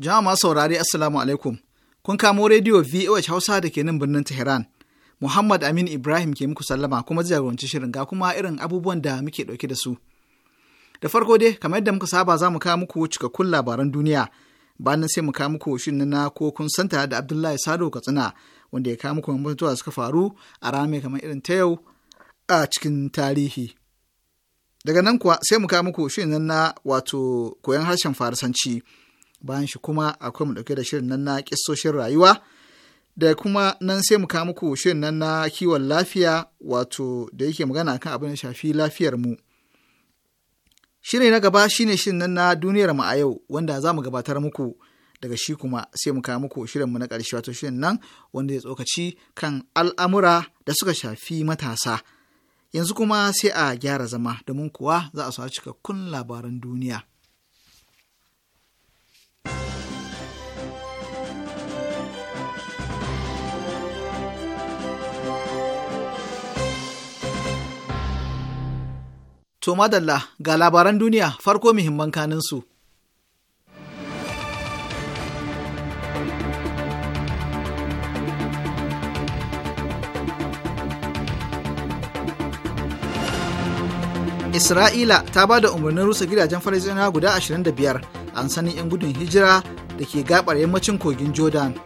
Jama'a masu saurari Assalamu alaikum. Kun kamo rediyo VOH Hausa da ke nan birnin Tehran. Muhammad Amin Ibrahim ke muku sallama kuma jagoranci shirin ga kuma irin abubuwan da muke ɗauke da su. Da farko dai, kamar yadda muka saba za mu kawo muku cikakkun labaran duniya. Bayan sai mu kawo muku shirin na ko kun santa da Abdullahi Sado Katsina wanda ya kawo muku mutuwa suka faru a rame kamar irin ta yau a cikin tarihi. Daga nan kuwa sai mu kawo muku shirin na wato koyon harshen Farisanci. bayan shi kuma akwai mu ɗauke da shirin nan na ƙisoshin rayuwa da kuma nan sai mu kawo muku shirin nan na kiwon lafiya wato da yake magana kan abin da shafi lafiyar mu shiri na gaba shine shirin nan na duniyar mu a yau wanda za mu gabatar muku daga shi kuma sai mu kawo muku shirin mu na ƙarshe wato shirin nan wanda ya tsokaci kan al'amura da suka shafi matasa yanzu kuma sai a gyara zama domin kuwa za a sa cikakkun labaran duniya To madalla ga labaran duniya farko muhimman kaninsu. Isra'ila ta ba da umarnin rusa gidajen Falasɗinawa guda 25 an sanin 'yan gudun hijira da ke gabar yammacin kogin Jordan.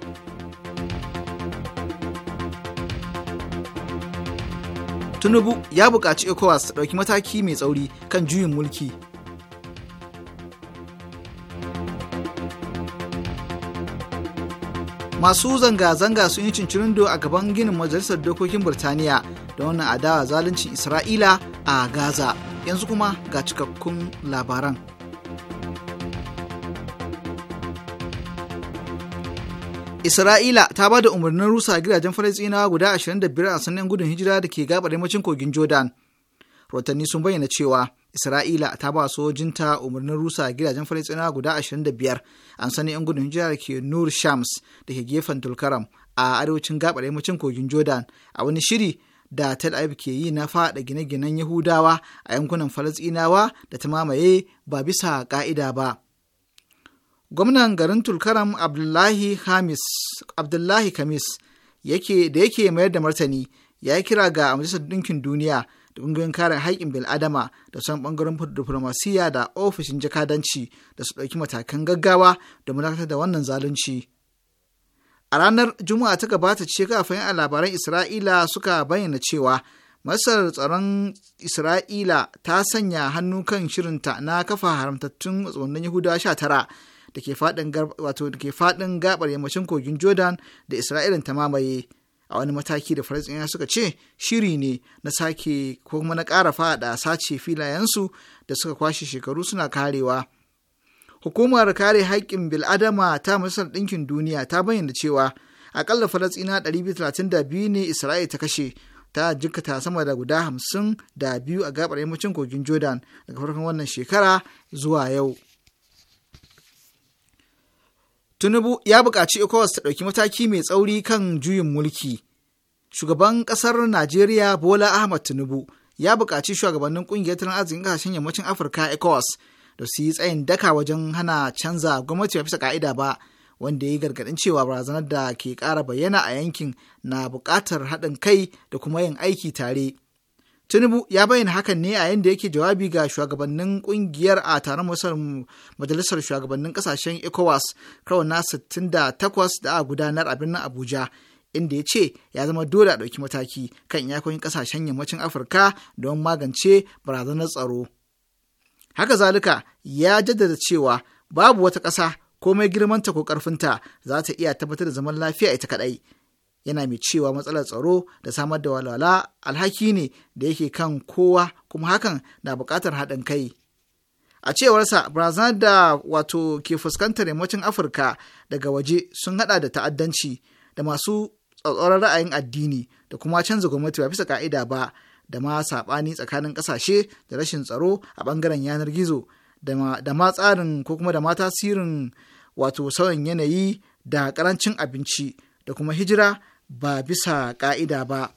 Tunubu ya buƙaci ECOWAS ta ɗauki mataki mai tsauri kan juyin mulki. Masu zanga-zanga sun yi cincirindo a gaban ginin Majalisar Dokokin Birtaniya da wannan adawa zaluncin Isra'ila a Gaza. Yanzu kuma ga cikakkun labaran. Isra'ila ta ba da umarnin rusa gidajen Falasɗinawa guda 25 a sannan gudun hijira da ke gabar yammacin kogin Jordan. Rotanni sun bayyana cewa Isra'ila ta ba sojinta umarnin rusa gidajen Falasɗinawa guda 25 a sannan 'yan gudun hijira da ke Nur Shams da ke gefen Tulkaram a arewacin gabar yammacin kogin Jordan a wani shiri da Tel Aviv ke yi na faɗa gine-ginen Yahudawa a yankunan Falasɗinawa da ta mamaye ba bisa ƙa'ida ba. gwamnan garin tulkaram abdullahi hamis abdullahi kamis yake da yake mayar da martani ya yi kira ga majalisar Dinkin duniya da ƙungiyoyin kare haƙƙin bil'adama da sauran ɓangaren diflomasiyya da ofishin jakadanci da su ɗauki matakan gaggawa da dakatar da wannan zalunci a ranar juma'a ta gabata ce kafin a labaran isra'ila suka bayyana cewa Masar tsaron Isra'ila ta sanya hannu kan shirinta na kafa haramtattun matsugunan Yahudawa sha tara da ke faɗin gabar yammacin kogin jordan da isra'ila ta mamaye a wani mataki da falasɗiniya suka ce shiri ne na sake ko kuma na ƙara faɗa sace filayensu da suka kwashe shekaru suna karewa hukumar kare haƙƙin bil'adama ta majalisar ɗinkin duniya ta bayyana cewa akalla falasɗina 232 ne isra'ila ta kashe ta jikata sama da guda hamsin da biyu a gabar yammacin kogin jordan daga farkon wannan shekara zuwa yau. Tinubu ya buƙaci ECOWAS ta ɗauki mataki mai tsauri kan juyin mulki. Shugaban ƙasar Najeriya Bola Ahmad Tinubu ya buƙaci shugabannin ƙungiyar tattalin arzikin ƙasashen yammacin Afirka ECOWAS da su yi tsayin daka wajen hana canza gwamnati ba bisa ka'ida ba wanda ya yi gargaɗin cewa barazanar da ke ƙara bayyana a yankin na buƙatar haɗin kai da kuma yin aiki tare. Tinubu ya bayyana hakan ne a yadda yake jawabi ga shugabannin kungiyar a taron majalisar shugabannin kasashen ECOWAS kawai na 68 da a gudanar a birnin Abuja. Inda ya ce ya zama dole a ɗauki mataki kan iyakokin kasashen yammacin Afirka don magance barazanar tsaro. Haka zalika ya jaddada cewa babu wata ƙasa komai girmanta ko ƙarfinta za ta iya tabbatar da zaman lafiya ita kaɗai. yana mai cewa matsalar tsaro da samar da walwala alhaki ne da yake kan kowa kuma hakan na buƙatar haɗin kai a cewarsa barazanar da wato ke fuskantar yammacin afirka daga waje sun haɗa da ta'addanci da masu tsatsauran ra'ayin addini da kuma canza gwamnati ba bisa ka'ida ba da ma saɓani tsakanin ƙasashe da rashin tsaro a ɓangaren yanar gizo da ma tsarin ko kuma da ma tasirin wato sauyin yanayi da ƙarancin abinci da kuma hijira ba bisa ƙa'ida ba.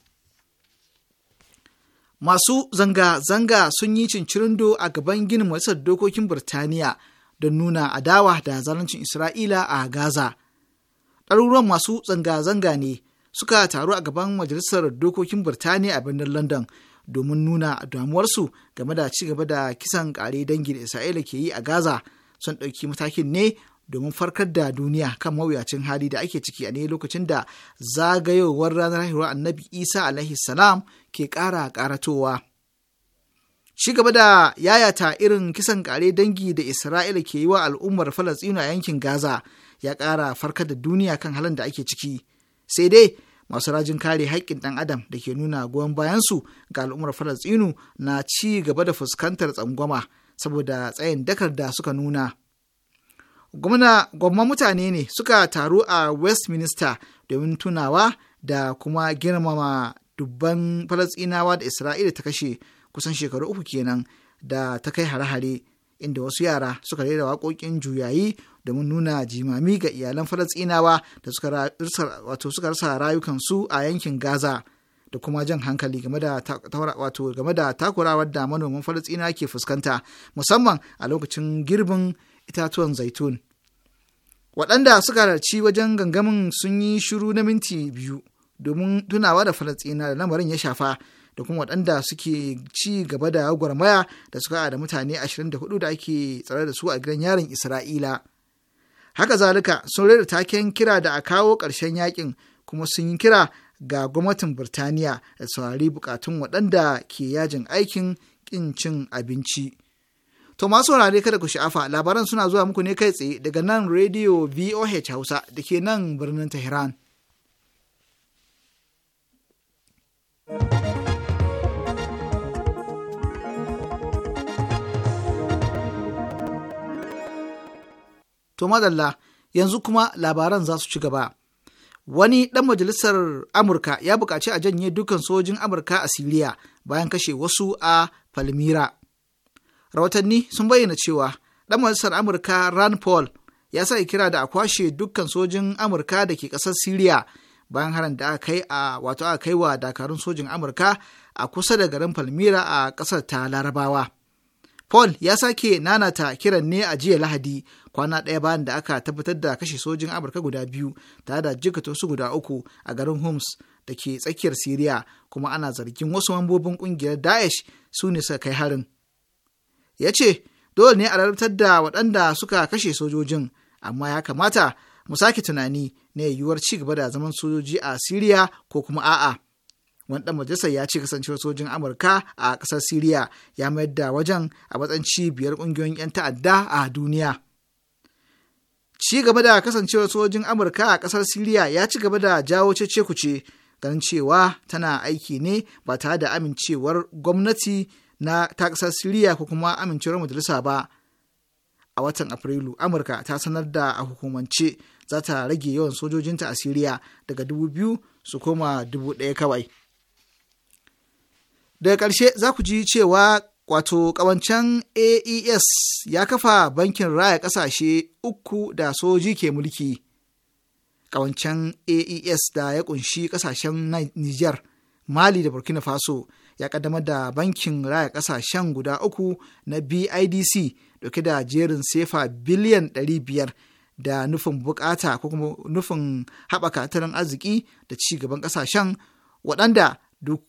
Masu zanga-zanga sun yi cincirindo a gaban ginin Majalisar Dokokin Birtaniya don nuna adawa da zalancin Isra'ila a Gaza. Ɗaruruwan masu zanga-zanga ne suka taru a gaban Majalisar Dokokin Birtaniya a birnin London domin nuna damuwarsu game da ci gaba da kisan ƙare dangin Isra'ila ke yi a Gaza sun ɗauki matakin ne domin farkar da duniya kan mawuyacin hali da ake ciki a ne lokacin da zagayowar ranar haihuwar annabi isa alaihi salam ke ƙara ƙaratowa shi gaba da yayata irin kisan kare dangi da isra'ila ke yi wa al'ummar falastinu a yankin gaza ya kara farkar da duniya kan halin da ake ciki sai dai masu rajin kare haƙƙin ɗan adam da ke nuna goyon bayansu ga al'ummar falastinu na ci gaba da fuskantar tsangwama saboda tsayin dakar da suka nuna gwamna gwamman mutane ne suka taru a westminster domin tunawa da kuma girmama dubban falasɗinawa da isra'ila ta kashe kusan shekaru uku kenan da ta kai hare-hare inda wasu yara suka rera waƙoƙin juyayi domin nuna jimami ga iyalan falasɗinawa da suka rasa rayukansu a yankin gaza da kuma jan hankali game da takurawar da manoman falasɗina ke fuskanta musamman a lokacin girbin itatuwan zaitun. Waɗanda suka halarci wajen gangamin sun yi shiru na minti biyu domin tunawa da Falasɗina da lamarin ya shafa da kuma waɗanda suke ci gaba da gwarmaya da suka da mutane 24 da ake tsare da su a gidan yaron Isra'ila. Haka zalika sun rera taken kira da a kawo ƙarshen yakin kuma sun yi kira ga gwamnatin Birtaniya da saurari bukatun waɗanda ke yajin aikin ƙin cin abinci. To masu wurare kada ku sha'afa labaran suna zuwa muku ne kai tsaye daga nan Radio VOH Hausa da ke nan birnin Tehran. To madalla yanzu kuma labaran za su ci gaba. Wani ɗan majalisar Amurka ya buƙaci a janye dukan sojin Amurka a Siriya bayan kashe wasu a Palmira. rawatanni sun bayyana cewa ɗan majalisar amurka ran paul ya sa kira da a kwashe dukkan sojin amurka da ke ƙasar siriya bayan harin da aka kai a wato aka kai wa dakarun sojin amurka a kusa da garin palmira a ƙasar ta larabawa paul ya sake nanata kiran ne a jiya lahadi kwana ɗaya bayan da aka tabbatar da kashe sojin amurka guda biyu tare da jikata wasu guda uku a garin homs da ke tsakiyar siriya kuma ana zargin wasu mambobin ƙungiyar daesh su ne suka kai harin ya ce dole ne a rarrabtar da waɗanda suka kashe sojojin amma ya kamata mu sake tunani na yiwuwar ci gaba da zaman sojoji a siriya ko kuma a'a wani ɗan majalisar ya ce kasancewar sojin amurka a ƙasar siriya ya mayar da wajen a matsayin biyar ƙungiyoyin 'yan ta'adda a duniya ci gaba da kasancewar sojin amurka a ƙasar siriya ya ci gaba da jawo cece kuce ganin cewa tana aiki ne ba tare da amincewar gwamnati na ta ƙasar Siriya ko kuma amincewar majalisa ba a watan Afrilu, Amurka ta sanar da a hukumance za ta rage yawan sojojinta a Siriya daga dubu biyu su koma dubu ɗaya kawai. Daga ƙarshe za ku ji cewa wato ƙawancen AES ya kafa bankin raya ƙasashe uku da soji ke mulki. Ƙawancen AES da ya ƙunshi ƙasashen Nijar, Mali da Burkina Faso ya kaddamar da bankin raya kasashen guda uku na BIDC dauke da jerin sefa biliyan 500 da nufin bukata ko kuma nufin haɓaka tattalin arziki da ci gaban kasashen waɗanda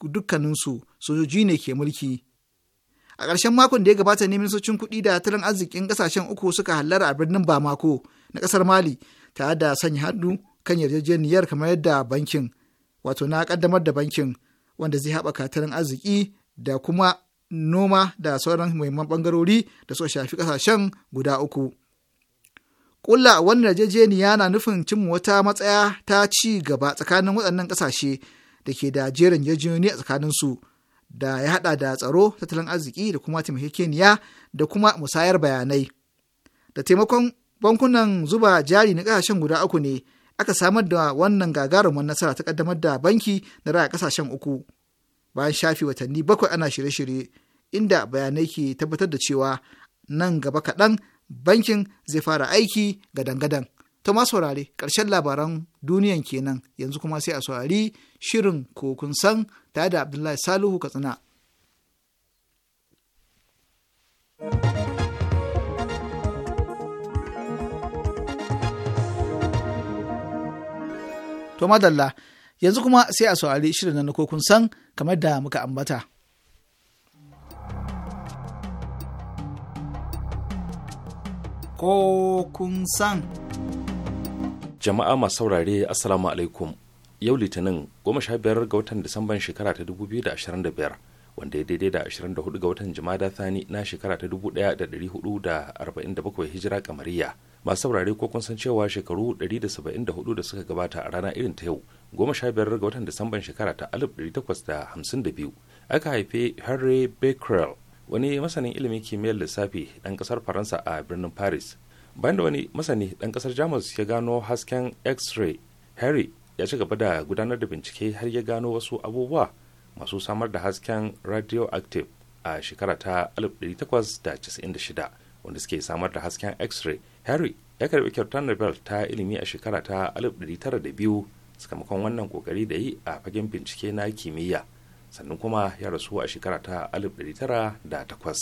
dukkaninsu sojoji ne ke mulki. A ƙarshen makon da ya gabata ne ministocin kuɗi da tattalin arzikin kasashen uku suka hallara a birnin Bamako na ƙasar Mali tare da sanya hannu kan yarjejeniyar kamar yadda bankin wato na ƙaddamar da bankin wanda zai haɓaka tattalin arziki da kuma noma da sauran muhimman ɓangarori da suka shafi ƙasashen guda uku. Ƙulla wannan yarjejeniya na nufin cimma wata matsaya ta ci gaba tsakanin waɗannan ƙasashe da ke da jerin yarjejeniyoyi a tsakaninsu da ya haɗa da tsaro, tattalin arziki da kuma taimakekeniya da kuma musayar bayanai. Da taimakon bankunan zuba jari na ƙasashen guda uku ne aka samar da wannan gagarumin nasara ta kaddamar da banki na raya kasashen uku bayan shafi watanni bakwai ana shirye-shirye inda bayanai ke tabbatar da cewa nan gaba kaɗan bankin zai fara aiki gadan-gadan. To ma saurare ƙarshen labaran duniyan kenan yanzu kuma sai a saurari shirin kokun san tare da Abdullahi Salihu Katsina. thank you To madalla, yanzu kuma sai a saurari shirin na ko kun san kamar da muka ambata. Ko kun san. Jama'a masu saurare Assalamu alaikum. Yau Litinin goma sha biyar ga watan Disamban shekara ta dubu biyu da ashirin da biyar wanda ya daidai da ashirin da hudu ga watan Jumada Thani na shekara ta dubu ɗaya da dari hudu da arba'in da bakwai hijira kamariya. masu saurare ko kun san cewa shekaru 174 da suka gabata a rana irin ta yau goma sha biyar ga watan disamban shekara ta 1852 aka haife henry becquerel wani masanin ilimin kimiyyar lissafi dan kasar faransa a birnin paris bayan da wani masani dan kasar jamus ya gano hasken x-ray harry ya ci gaba da gudanar da bincike har ya gano wasu abubuwa masu samar da hasken radioactive a shekara ta 1896 wanda suke samar da hasken x-ray harry ya karbi kyautar nobel ta ilimi a shekara ta 1902 sakamakon wannan kokari da yi a fagen bincike na kimiyya sannan kuma ya rasu a shekara ta 1908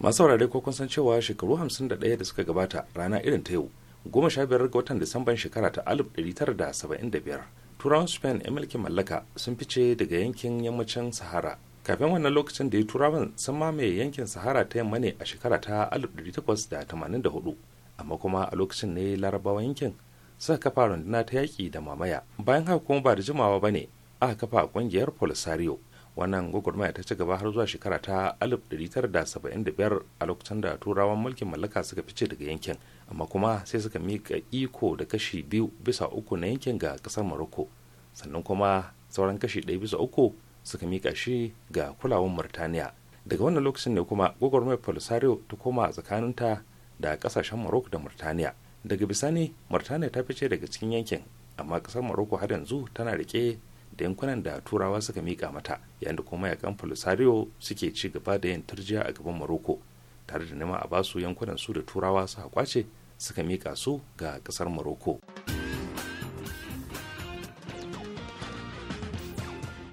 masu wurare ko kun san cewa shekaru 51 da suka gabata rana irin ta yau goma sha biyar ga watan disamban shekara ta 1975 turawan spain 'yan mulkin mallaka sun fice daga yankin yammacin sahara kafin wannan lokacin da ya turawan sun mamaye yankin sahara ta yamma ne a shekara ta 1884 amma kuma a lokacin ne larabawa yankin suka kafa runduna ta yaƙi da mamaya bayan haka kuma ba da jimawa ba ne aka kafa ƙungiyar polisario wannan gwagwarmaya ta ci gaba har zuwa shekara ta 1975 a lokacin da turawan mulkin mallaka suka fice daga yankin amma kuma sai suka mika iko da kashi biyu bisa uku na yankin ga ƙasar morocco sannan kuma sauran kashi ɗaya bisa uku suka mika shi ga kulawan murtaniya daga wannan lokacin ne kuma gwagwarmayar polisario ta koma tsakaninta da kasashen morocco da murtaniya daga bisani murtaniya ta fice daga cikin yankin amma kasar morocco har yanzu tana rike da yankunan da turawa suka mika mata yayin da kuma yakan polisario suke ci gaba da yin turjiya a gaban morocco tare da neman a basu yankunan su da turawa suka kwace suka mika su ga kasar morocco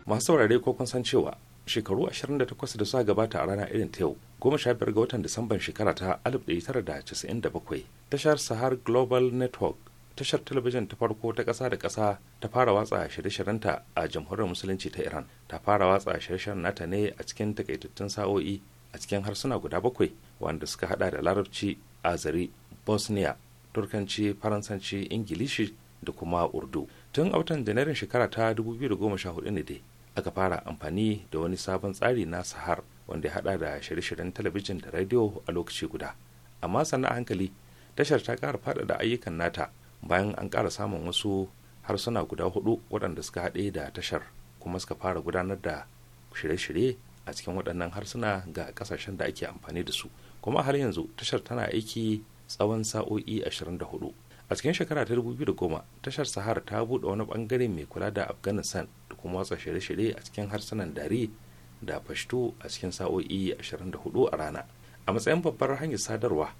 masu saurare ko kun san cewa shekaru 28 da suka gabata a rana irin ta yau goma sha biyar ga watan disamban shekara ta 1997 tashar sahar global network tashar talabijin ta farko ta kasa da kasa ta fara watsa shirye-shiryenta a jamhuriyar musulunci ta iran ta fara watsa shirye-shiryen nata ne a cikin takaitattun sa'o'i a cikin harsuna guda bakwai wanda suka hada da larabci azari bosnia turkanci faransanci ingilishi da kuma urdu tun a watan janairun shekara ta 2014 ne dai aka fara amfani da wani sabon tsari na sahar wanda ya hada da shirye-shiryen talabijin da rediyo a lokaci guda amma sannan hankali tashar ta ƙara faɗaɗa ayyukan nata bayan an ƙara samun wasu harsuna guda hudu waɗanda suka haɗe da tashar kuma suka fara gudanar da shirye-shirye a cikin waɗannan harsuna ga ƙasashen da ake amfani da su kuma har yanzu tashar tana aiki tsawon sa'o'i 24 a cikin shekara ta 2010 tashar sahara ta buɗe wani bangare mai kula da afghanistan da kuma watsa shirye-shirye a cikin harsunan dari da fashto a cikin sa'o'i 24 a rana a matsayin babbar hanyar sadarwa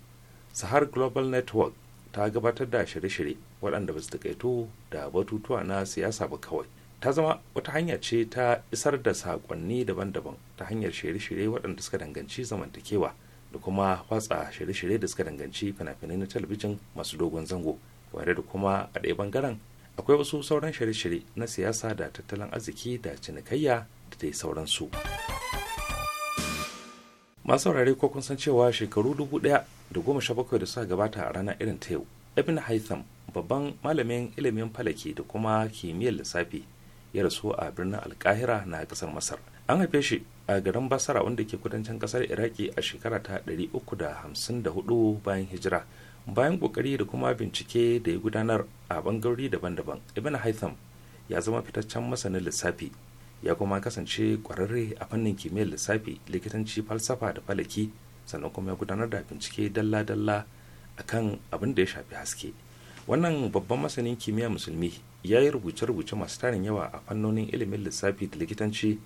sahar global network ta gabatar da shirye-shirye waɗanda ba su takaito da batutuwa na siyasa ba kawai ta zama wata hanya ce ta isar da saƙonni daban-daban ta hanyar shirye-shirye waɗanda suka danganci zamantakewa da kuma watsa shirye-shirye da suka danganci fina-finai na talabijin masu dogon zango ware da kuma a ɗaya bangaren akwai wasu sauran shirye-shirye na siyasa da tattalin arziki da cinikayya da dai sauransu masu saurare ko kun san cewa shekaru dubu ɗaya da goma sha bakwai da suka gabata a ranar irin ta yau ibn haitham babban malamin ilimin falaki da kuma kimiyyar lissafi ya rasu a birnin alkahira na kasar masar an haife shi a garin basara wanda ke kudancin kasar iraki a shekara ta 354 bayan hijira bayan kokari da kuma bincike da ya gudanar a bangarori daban-daban ibn haitham ya zama fitaccen masanin lissafi ya kuma kasance kwararre a fannin kimiyyar lissafi likitanci falsafa da falaki sannan kuma ya gudanar da bincike dalla-dalla akan abin da ya shafi haske wannan babban masanin kimiyya musulmi ya yi rubuce-rubuce masu tarin yawa a fannonin ilimin lissafi da likitanci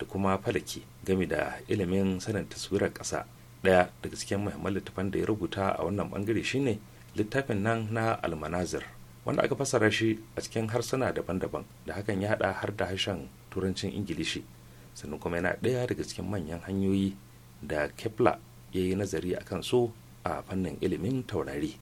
da kuma falaki game da ilimin sanin taswirar ƙasa ɗaya daga cikin muhimman littafan da ya rubuta a wannan bangare shine littafin nan na almanazir wanda aka fassara shi a cikin harsuna daban-daban da hakan ya haɗa har da harshen turancin ingilishi sannan kuma yana ɗaya daga cikin manyan hanyoyi da kepler ya yi nazari a kan su a fannin ilimin taurari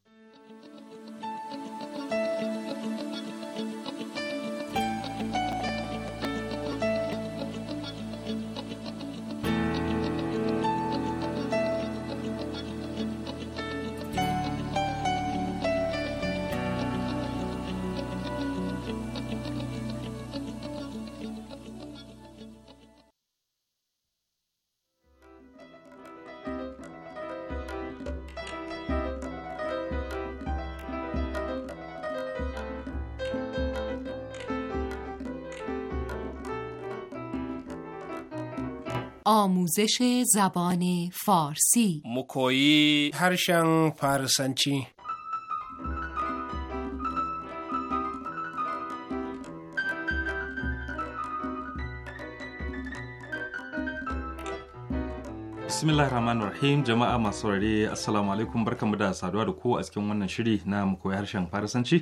آموزش زبان فارسی مکویی هرشن فارسنچی bismillah rahman rahim jama'a masu saurare assalamu alaikum barkamu da saduwa da ku a cikin wannan shiri na mu koyi harshen farisanci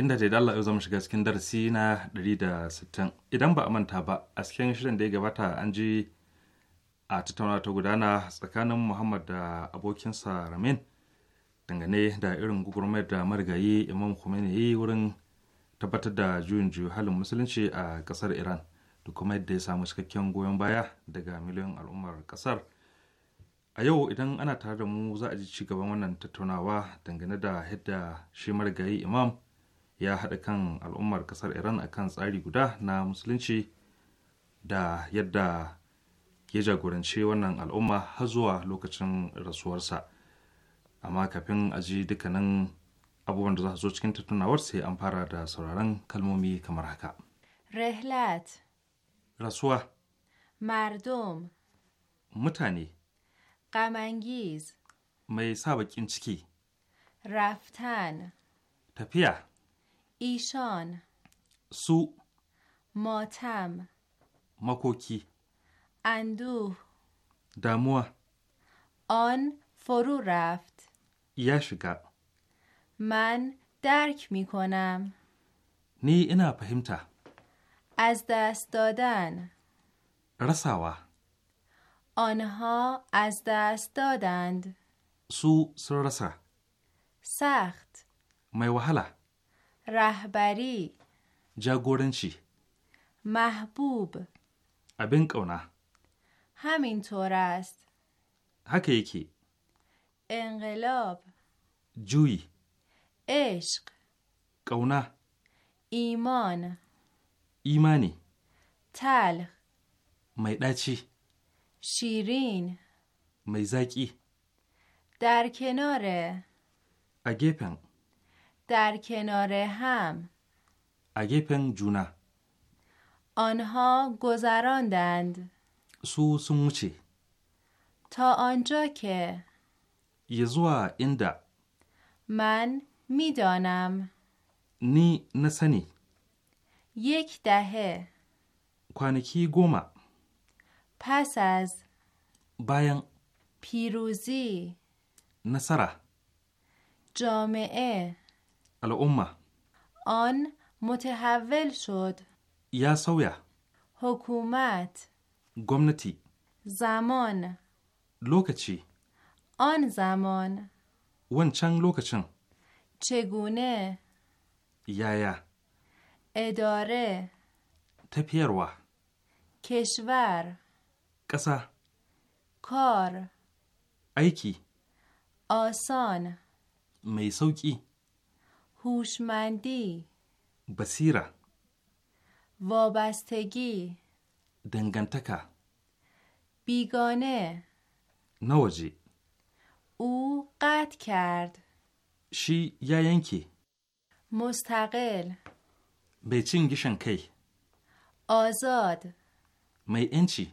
inda da Allah yau zama shiga cikin darasi na 160 idan ba a manta ba a cikin shirin da ya gabata an ji a tattauna ta gudana tsakanin muhammad da abokinsa ramin dangane da irin gugurmar da marigayi imam khomeini yi wurin tabbatar da juyin juyi halin musulunci a kasar iran da kuma yadda ya samu cikakken goyon baya daga miliyon al'ummar kasar a yau idan ana tare da mu za a ji ci gaban wannan tattaunawa dangane da yadda shi marigayi imam ya haɗa kan al'ummar kasar iran akan tsari guda na musulunci da yadda ya jagoranci wannan al'umma har zuwa lokacin rasuwarsa amma kafin a ji dukkanin abubuwan da za su zo cikin tattunawar sai an fara da sauraron kalmomi kamar haka rehlat rasuwa mardom mutane kamangiz mai sa bakin ciki raftan tafiya ishan su motam makoki اندوه دموع آن فرو رفت یشگا من درک می کنم نی اینا فهمتا از دست دادن رساوا آنها از دست دادند سو سرسا سخت mai wahala rahbari jagoranci mahbub abin ƙauna همین طور است هک یکی انقلاب جوی عشق قونه ایمان ایمانی تلخ میدچی شیرین میزکی در کنار اگپن در کنار هم اگپن جونا آنها گذراندند su sun wuce. Ta anja ke. Ya zuwa inda. Man midanam. Ni na sani. Yek dahe. Kwanaki goma. Fasas. Bayan. Piruzi. Nasara. Jami'e. Al'umma. On متحول شد Ya sauya. Hukumat. gwamnati zamon lokaci on zamon wancan lokacin cegune yaya edore tafiyarwa keshwar ƙasa kor aiki oson mai sauƙi hushmandi basira wabastagi دنگنتکه بیگانه نوجی او قطع کرد شی یا ینکی مستقل به چین کی آزاد می انچی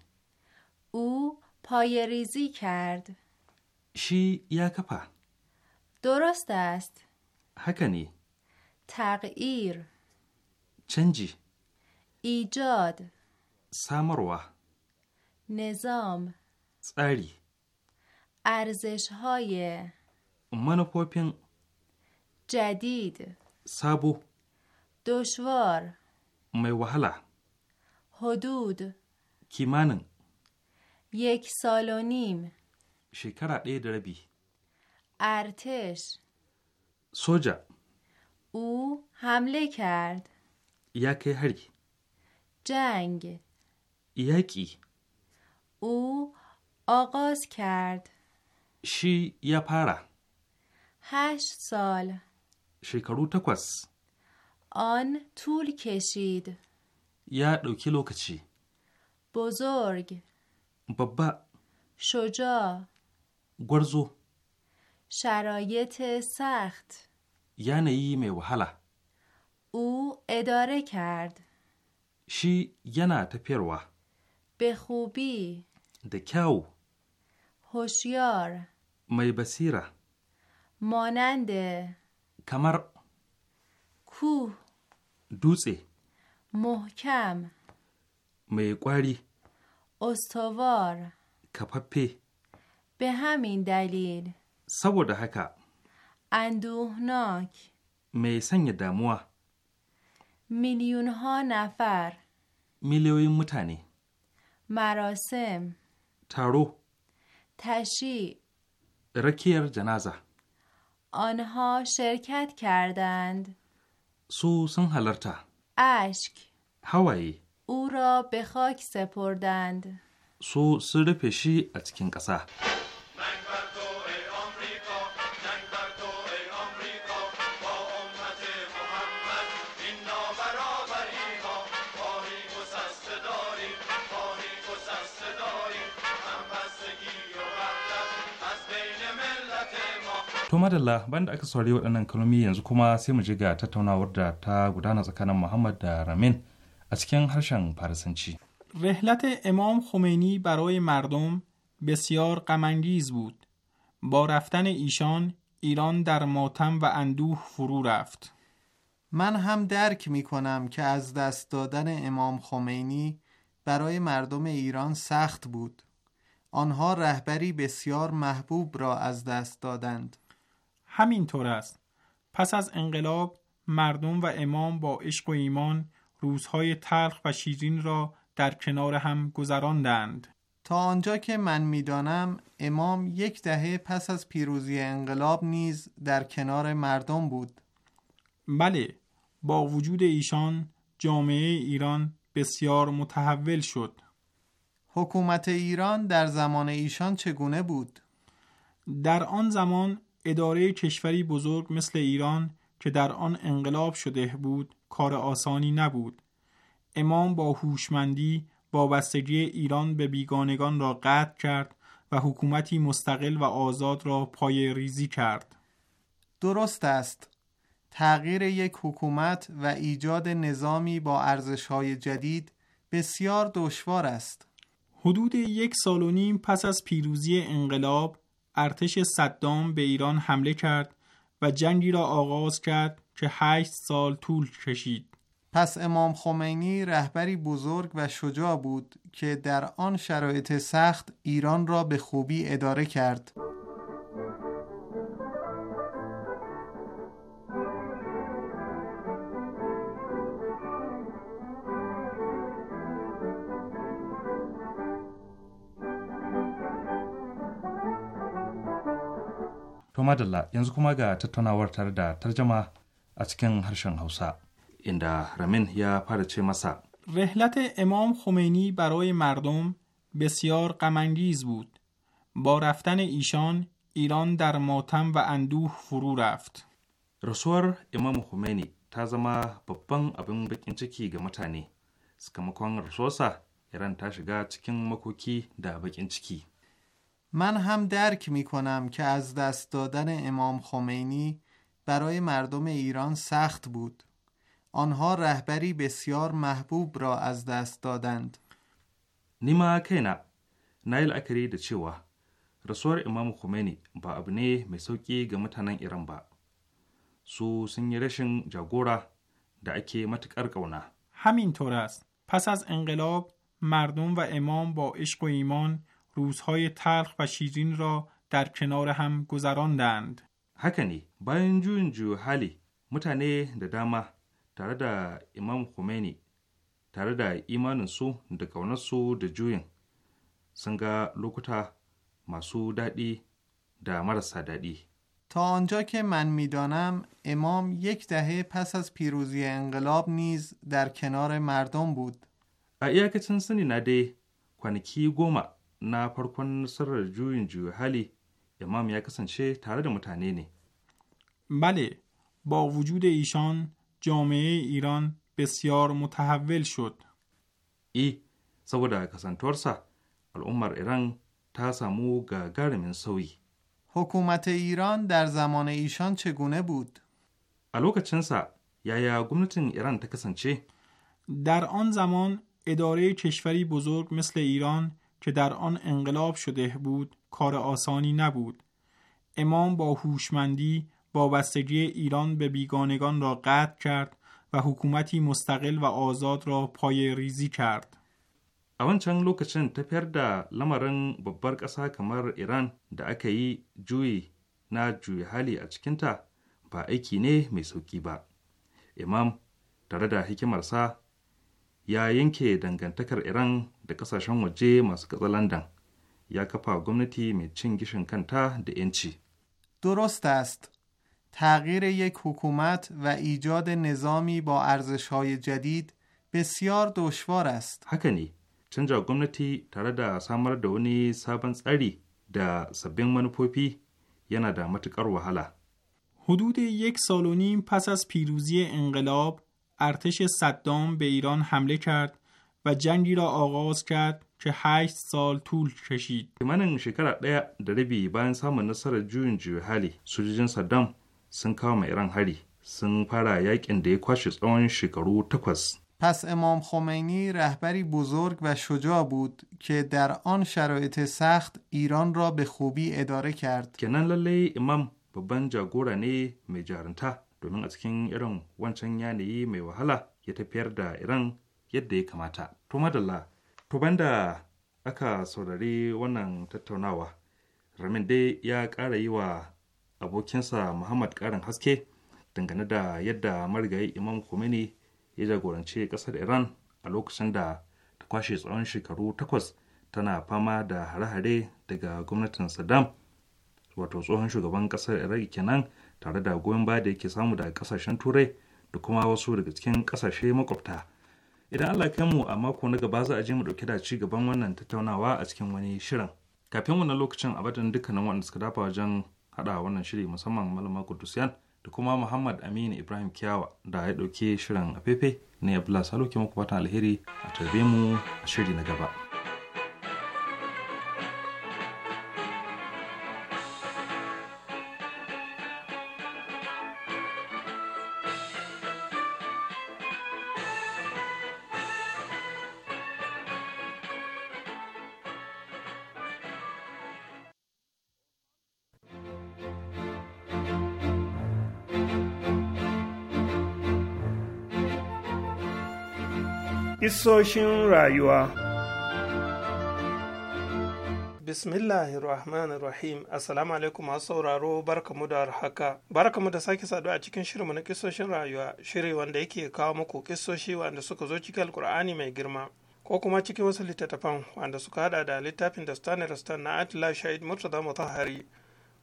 او پای ریزی کرد شی یا درست است هکنی تغییر چنجی ایجاد سامروا نظام ساری ارزش های جدید سابو دشوار میوهلا حدود کیمانن یک سال و نیم شکر دربی ارتش سوجا او حمله کرد یک هری جنگ یکی او آغاز کرد شی یا پارا هشت سال شکرو تکوس آن طول کشید یا دوکی لوکچی بزرگ بابا شجاع گرزو شرایط سخت یعنی می او اداره کرد شی ینا تپیروه به خوبی دکاو هوشیار می بسیره مانند کمر کو دوتسه محکم می استوار کپپی به همین دلیل saboda هکا اندوهناک میسنگ دموه میلیون ها نفر میلیون متنی مراسم تارو تشی رکیر اره جنازه آنها شرکت کردند سو سن هلرتا اشک هوایی او را به خاک سپردند سو سر پشی از To madalla banda aka saurari waɗannan kalmomi yanzu kuma sai mu je ga tattaunawar da ta gudana tsakanin Muhammad da Ramin a cikin harshen Farisanci. رحلت امام خمینی برای مردم بسیار غمانگیز بود. با رفتن ایشان ایران در ماتم و اندوه فرو رفت. من هم درک می کنم که از دست دادن امام خمینی برای مردم ایران سخت بود. آنها رهبری بسیار محبوب را از دست دادند. همین طور است پس از انقلاب مردم و امام با عشق و ایمان روزهای تلخ و شیرین را در کنار هم گذراندند تا آنجا که من میدانم امام یک دهه پس از پیروزی انقلاب نیز در کنار مردم بود بله با وجود ایشان جامعه ایران بسیار متحول شد حکومت ایران در زمان ایشان چگونه بود؟ در آن زمان اداره کشوری بزرگ مثل ایران که در آن انقلاب شده بود کار آسانی نبود امام با هوشمندی وابستگی ایران به بیگانگان را قطع کرد و حکومتی مستقل و آزاد را پای ریزی کرد درست است تغییر یک حکومت و ایجاد نظامی با ارزشهای جدید بسیار دشوار است حدود یک سال و نیم پس از پیروزی انقلاب ارتش صدام به ایران حمله کرد و جنگی را آغاز کرد که هشت سال طول کشید. پس امام خمینی رهبری بزرگ و شجاع بود که در آن شرایط سخت ایران را به خوبی اداره کرد. madalla yanzu kuma ga tattaunawar tare da tarjama a cikin harshen Hausa. Inda Ramin ya fara ce masa. Rehlate Imam خمینی برای Mardum بسیار غمانگیز بود. با رفتن ایشان ایران در ماتم و اندوه فرو رفت. رسور ta zama babban abin bakin ciki ga mutane sakamakon rasuwarsa iran ta shiga cikin makoki da bakin ciki من هم درک می کنم که از دست دادن امام خمینی برای مردم ایران سخت بود آنها رهبری بسیار محبوب را از دست دادند نیما کینا نایل اکری د چوا رسور امام خمینی با ابنه می سوکی ایران با. سو سن سو جاگورا sun اکی است. پس از انقلاب مردم و امام با عشق و ایمان روزهای تلخ و شیرین را در کنار هم گذراندند. هکنی باین جون جو حالی متنه دداما تره دا امام خمینی تره دا ایمان سو دا قونه سو دا جوین سنگا لوکتا ماسو دادی دا مرسا دادی تا آنجا که من میدانم امام یک دهه پس از پیروزی انقلاب نیز در کنار مردم بود ایا که چنسنی نده کنکی گومه ن farkon nasarar juyin juya hali امام یا چه تره متعنی بله با وجود ایشان جامعه ایران بسیار متحول شد ای سبودا کسانتورسا الامر ایران تا سامو گاگارمین سوی حکومت ایران در زمان ایشان چگونه بود؟ الوک چنسا یا یا گمنتین ایران تا کسانچه در آن زمان اداره کشوری بزرگ مثل ایران که در آن انقلاب شده بود کار آسانی نبود امام با هوشمندی با ایران به بیگانگان را قطع کرد و حکومتی مستقل و آزاد را پای ریزی کرد اون چند لوکشن تپر دا لمرن ببرگ اسا کمر ایران دا اکی جوی نا جوی حالی اچکنته با ایکی نه می سوکی با امام درده هیک مرسه یا ینکه دنگن تکر ایران da kasashen waje masu katsalandan ya kafa gwamnati mai cin gishin kanta da 'yanci. درست است. تغییر یک حکومت و ایجاد نظامی با های جدید بسیار دشوار است. حکنی چنجا گمنتی تره دا سامر دونی سابن سری دا سبین منپوپی یعنی دا متکر وحلا. حدود یک سال و نیم پس از پیروزی انقلاب ارتش صدام به ایران حمله کرد و جنگی را آغاز کرد که هشت سال طول کشید که من این شکر اقلی دربی بایین سام نصر جونج و حالی سجن سدام سن کام ایران حالی سن پارا یک انده اون شکر پس امام خمینی رهبری بزرگ و شجاع بود که در آن شرایط سخت ایران را به خوبی اداره کرد که نن للی امام ببنجا گورنی می جارنتا از کن ایران وانچن یعنی می وحلا یه تپیر ایران yadda ya kamata. To madalla, to banda aka saurari wannan tattaunawa, Ramin dai ya ƙara yi wa abokinsa Muhammad ƙarin haske dangane da yadda marigayi Imam Khomeini ya jagorance ƙasar Iran a lokacin da ta kwashe tsawon shekaru takwas tana fama da hare-hare daga gwamnatin Saddam, wato tsohon shugaban ƙasar Iraq kenan tare da goyon baya da yake samu daga ƙasashen Turai da kuma wasu daga cikin ƙasashe makwabta. idan allah kai mu a mako na gaba za a je mu dauke da ci gaban wannan tattaunawa a cikin wani shirin kafin wannan lokacin a batun dukkanin wanda suka dafa wajen hada wannan shiri musamman malama kudusiyan da kuma muhammad aminu ibrahim kiyawa da ya dauke shirin a fefe ne abdullahi salo ke muku fatan alheri a tarbe mu a shiri na gaba. Isoshin rayuwa Bismillahir Rahmanir Rahim Assalamu alaikum masu sauraro barkamu da haka barkamu da sake saduwa a cikin shirinmu na kisoshin rayuwa shiri wanda yake kawo muku kisoshi wanda suka zo cikin alkur'ani mai girma ko kuma cikin wasu littattafan wanda suka hada da littafin da stan na Atila Shahid Murtaza Mutahari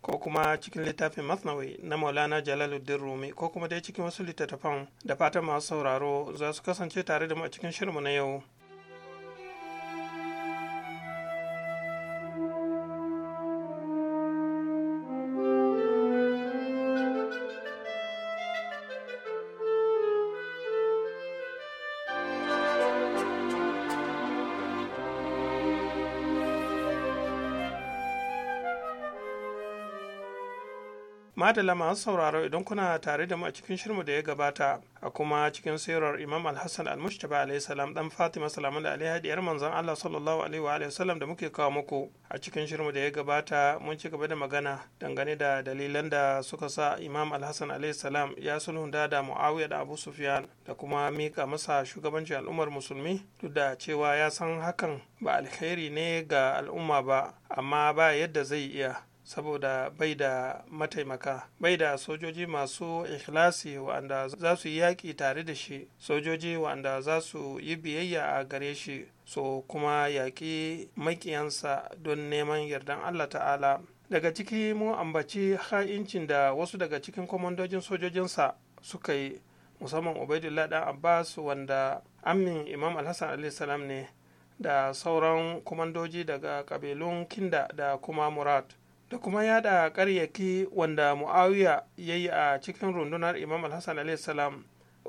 ko kuma cikin littafin masnawi na maulana jalaluddin rumi ko kuma dai cikin wasu littattafan da fatan masu sauraro za su kasance tare da mu a cikin shirinmu na yau madala masu sauraro idan kuna tare da mu a cikin shirmu da ya gabata a kuma cikin sirar imam alhassan almustaba alaihi salam dan fatima da alaihi hadiyar manzon allah sallallahu alaihi wa sallam da muke kawo muku a cikin shirmu da ya gabata mun ci gaba da magana dangane da dalilan da suka sa imam alhassan alaihi salam ya sulhunta da muawiya da abu sufyan da kuma mika masa shugabancin al'ummar musulmi duk da cewa ya san hakan ba alkhairi ne ga al'umma ba amma ba yadda zai iya saboda bai da mataimaka bai da sojoji masu ikhlasi wa'anda za su yi yaƙi tare da shi sojoji wa'anda za su yi biyayya a gare shi so kuma yaƙi maƙiyansa don neman yardan allah ta'ala daga ciki mu ambaci ha'incin da wasu daga cikin kwamandojin sojojinsa suka yi musamman ubaidullah dan abbas wanda amin imam alhassan salam ne da sauran kwamandoji daga kabilun kinda da kuma murad da kuma yada karyaki wanda muawiya ya yi a cikin rundunar imam alhassan salam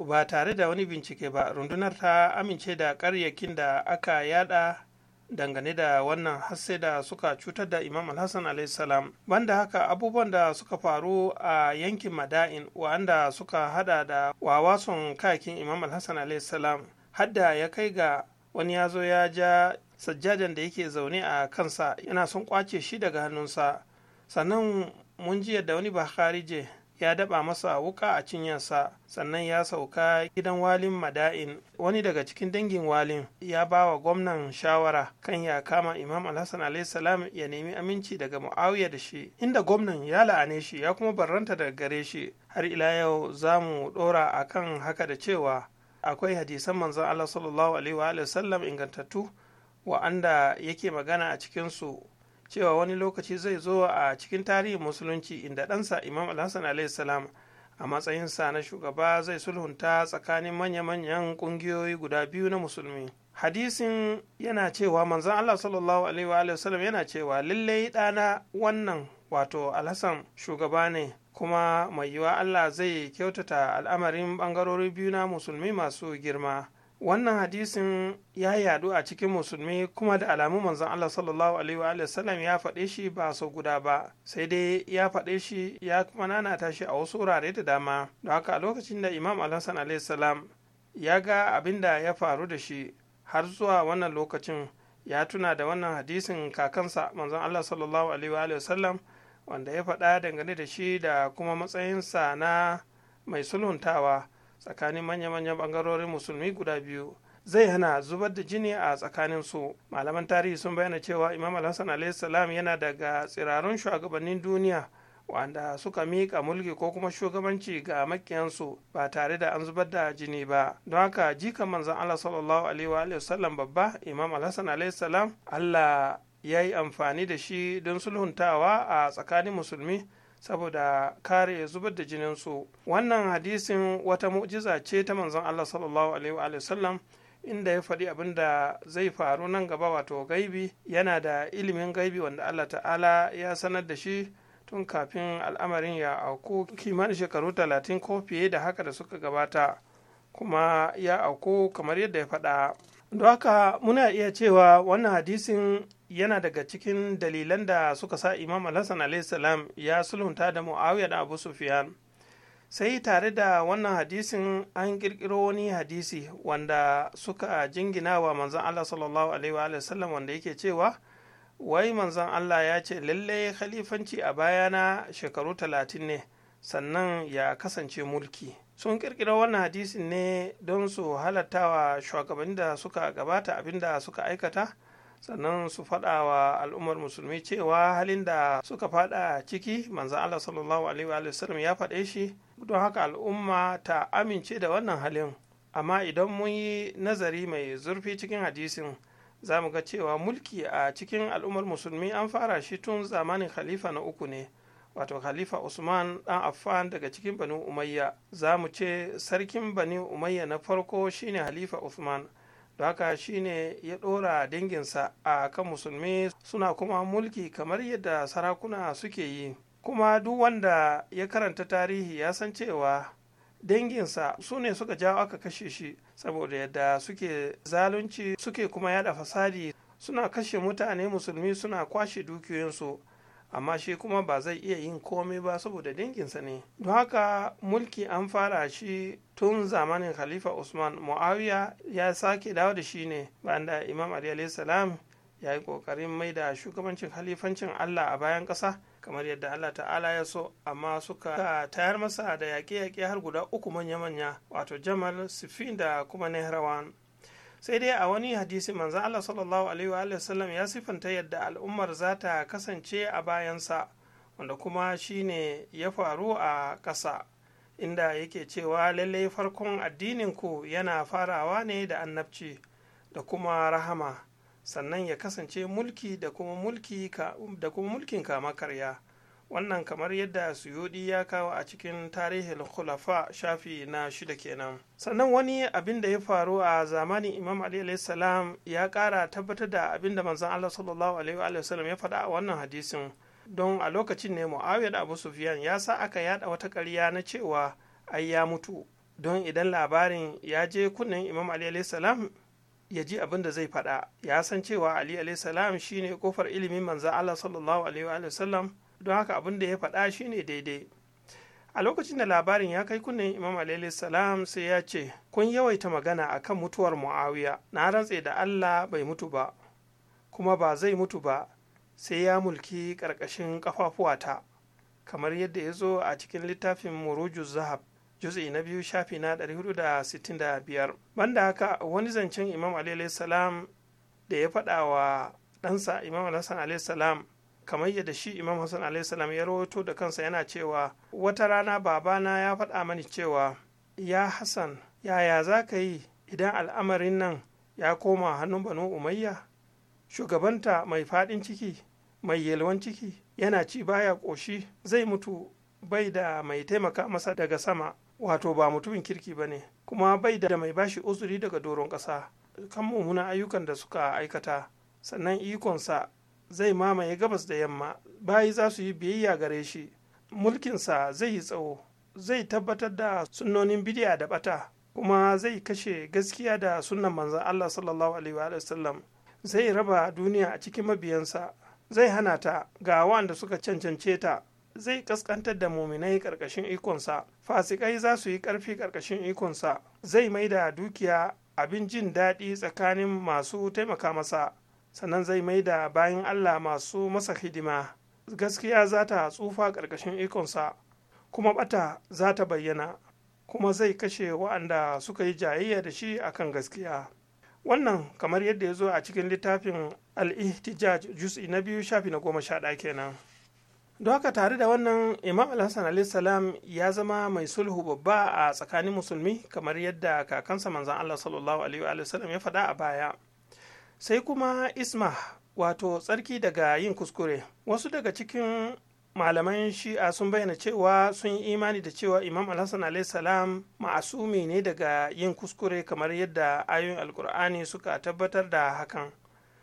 ba tare da wani bincike ba rundunar ta amince da karyakin da aka yada dangane da wannan hasse da suka cutar da imam alhassan salam banda haka abubuwan da suka faru a yankin mada'in wanda suka hada da wawason kakin imam alhassan salam hadda ya kai ga wani ya zo ya ja sajjadan da yake zaune a kansa yana son kwace shi daga hannunsa sannan mun jiya da wani bakarije ya daba masa wuka a cinyarsa sannan ya sauka gidan walin mada'in wani daga cikin dangin walin ya ba wa gwamnan shawara kan ya kama imam alhassan salam ya nemi aminci daga muawiya da shi inda gwamnan ya la'ane shi ya kuma barranta daga gare shi har ila yau za mu dora akan haka da cewa akwai hadisan manzon allah sallallahu alaihi wa sallam ingantattu wa'anda yake magana a cikinsu cewa wani lokaci zai zo a cikin tarihin musulunci inda ɗansa imam alhassan salam a matsayinsa na shugaba zai sulhunta tsakanin manya-manyan ƙungiyoyi guda biyu na musulmi hadisin yana cewa manzon allah sallallahu alaihi wa sallam yana cewa lallai ɗana wannan wato alhassan shugaba ne kuma mai yiwa allah zai kyautata al'amarin ɓangarori biyu na musulmi masu girma wannan hadisin ya yadu a cikin musulmi kuma da alamu manzon Allah sallallahu alaihi wa sallam ya faɗe shi ba sau guda ba sai dai ya faɗe shi ya kuma nanata shi a wasu wurare da dama Da haka a lokacin da imam alhassan alaihi salam ya ga abin da ya faru da shi har zuwa wannan lokacin ya tuna da wannan hadisin kakansa manzon Allah sallallahu alaihi wa sallam wanda ya faɗa dangane da shi da kuma matsayinsa na mai sulhuntawa tsakanin manya-manyan bangarorin musulmi guda biyu zai hana zubar da jini a tsakanin su malaman tarihi sun bayyana cewa imam alhassan salam yana daga tsirarun shugabannin duniya wanda suka miƙa mulki ko kuma shugabanci ga makiyansu ba tare da an zubar da jini ba don haka jikan manzon allah sallallahu alaihi wa sallam babba imam alhassan salam allah ya yi amfani da shi don sulhuntawa a tsakanin musulmi saboda kare zubar da jinin su. wannan hadisin wata mu'jiza ce ta manzon allah sallallahu alaihi wa inda ya faɗi abin da zai faru nan gaba wato gaibi yana da ilimin gaibi wanda allah ta'ala ya sanar da shi tun kafin al'amarin ya auku kimanin shekaru talatin ko fiye da haka da suka gabata kuma ya auku kamar yadda ya faɗa. don haka muna iya cewa wannan hadisin yana daga cikin dalilan da suka sa imam alhassan salam ya sulhunta da muawiya da abu sufyan sai tare da wannan hadisin an kirkiro wani hadisi wanda suka jingina wa manzan allah sallallahu alaihi wa sallam wanda yake cewa wai manzan allah ya ce lalle khalifanci a bayana shekaru talatin ne sannan ya kasance mulki sun kirkira wannan hadisin ne don su halatta wa shugabanni da suka gabata abinda suka aikata sannan su faɗa wa al'ummar musulmi cewa halin da suka faɗa ciki manzan Allah sallallahu alaihi wa sallam ya faɗe shi don haka al'umma ta amince da wannan halin amma idan mun yi nazari mai zurfi cikin hadisin za mu ga cewa mulki a cikin al'ummar musulmi an fara shi tun zamanin khalifa na uku ne wato khalifa usman dan affan daga cikin bani umayya za mu ce sarkin bani umayya na farko shine khalifa usman da haka ne ya ɗora danginsa a kan musulmi suna kuma mulki kamar yadda sarakuna suke yi kuma duk wanda ya karanta tarihi ya san cewa danginsa su ne suka jawo aka kashe shi saboda yadda suke zalunci suke kuma yada fasadi suna kashe mutane musulmi suna kwashe dukiyoyinsu amma shi kuma ba zai iya yin komai ba saboda danginsa ne don haka mulki an fara shi tun zamanin khalifa usman muawiya ya sake dawo da shi ne bayan da imam ali salam ya yi kokarin mai da shugabancin khalifancin allah a bayan ƙasa kamar yadda allah ta'ala ya so amma suka tayar masa da yaƙe-yaƙe har guda uku manya-manya wato jamal sifin da kuma nehrawan sai dai a wani hadisi manzo Allah sallallahu alaihi wa sallam ya sifanta yadda al'ummar za ta kasance a bayansa wanda kuma shine ya faru a ƙasa inda yake cewa lalle farkon addinin ku yana farawa ne da annabci da kuma rahama sannan ya kasance mulki da kuma mulki da kuma mulkin kama karya wannan kamar yadda suyudi ya kawo a cikin tarihin khulafa shafi na shida kenan sannan wani abin da ya faru a zamanin imam ali salam ya kara tabbatar da abin da manzan allah sallallahu alaihi wa ya faɗa a wannan hadisin don a lokacin ne da abu sufiyan ya sa aka yada wata karya na cewa ai ya mutu don idan labarin ya je kunnen imam ali salam ya ji abin da zai faɗa ya san cewa ali salam shine kofar ilimin manzan allah sallallahu alaihi wa don haka abin da ya faɗa shine daidai a lokacin da labarin ya kai kunnen imam alayhi salam sai ya ce kun yawaita magana akan mutuwar muawiya na rantse da allah bai mutu ba kuma ba zai mutu ba sai ya mulki ƙarƙashin ƙafafuwata kamar yadda ya zo a cikin littafin muruju zahab juz'i na biyu shafi na biyar. banda haka wani zancen imam alayhi salam da ya faɗa wa ɗansa imam alhassan salam kamar yadda shi imam hassan salam ya rawaito da kansa yana cewa wata rana babana ya faɗa mani cewa ya hassan yaya za ka yi idan al'amarin nan ya koma hannun banu umayya shugabanta mai faɗin ciki mai yalwan ciki yana ci baya ƙoshi zai mutu bai da mai taimaka masa daga sama wato ba mutumin kirki ba ne kuma bai da mai bashi uzuri daga doron ƙasa kan mummunan ayyukan da suka aikata sannan ikonsa zai mamaye gabas da yamma bayi za su yi biyayya gare shi mulkinsa zai yi tsawo zai tabbatar da sunnonin bidiya da bata kuma zai kashe gaskiya da sunnan manzan Allah sallallahu alaihi wa sallam zai raba duniya a cikin mabiyansa zai hana ta ga wanda suka cancance ta zai kaskantar da muminai karkashin ikonsa fasikai za su yi karfi karkashin ikonsa zai maida dukiya abin jin daɗi tsakanin masu taimaka masa sannan zai mai da bayan allah masu masa hidima gaskiya za ta tsufa ƙarƙashin ikonsa kuma ɓata za ta bayyana kuma zai kashe wa'anda suka yi jayayya da shi akan gaskiya wannan kamar yadda ya zo a cikin littafin al-ihtijaj jus'i na biyu shafi na goma sha ɗaya kenan don haka tare da wannan imam alhassan salam ya zama mai sulhu babba a tsakanin musulmi kamar yadda kakansa manzan allah sallallahu alaihi wa sallam ya faɗa a baya sai kuma isma wato tsarki daga yin kuskure wasu daga cikin malaman shi'a sun bayyana cewa sun yi imani da cewa imam alhassan salam ma'asumi ne daga yin kuskure kamar yadda ayoyin alkur'ani suka tabbatar da hakan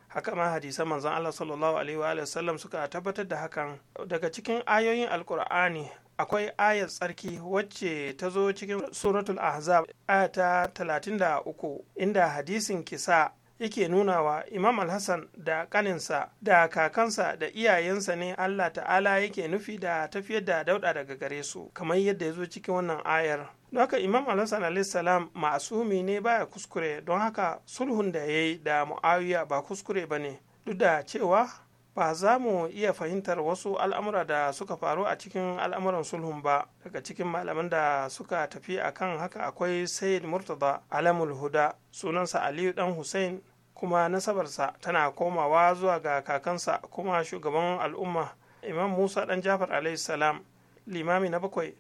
haka ma hadisan manzon Allah sallallahu alaihi wa sallam suka tabbatar da hakan daga cikin ayoyin alkur'ani akwai ayar tsarki wacce ta zo cikin suratul ahzab aya ta 33 inda hadisin kisa yake nunawa imam alhassan da kaninsa da kakansa da iyayensa ne allah ta'ala yake nufi da tafiyar da dauda daga gare su kamar yadda ya zo cikin wannan ayar don haka imam alhassan alaihissalam ma'asumi ne baya kuskure don haka sulhun da ya yi da mu'awiya ba kuskure ba ne duk da cewa ba za mu iya fahimtar wasu al'amura da suka faru a cikin al'amuran sulhun ba daga cikin malaman da suka tafi akan haka akwai sayyid murtada alamul huda sunansa aliyu dan hussein kuma nasabarsa tana komawa zuwa ga kakansa kuma shugaban al'umma imam musa dan jafar salam limami na bakwai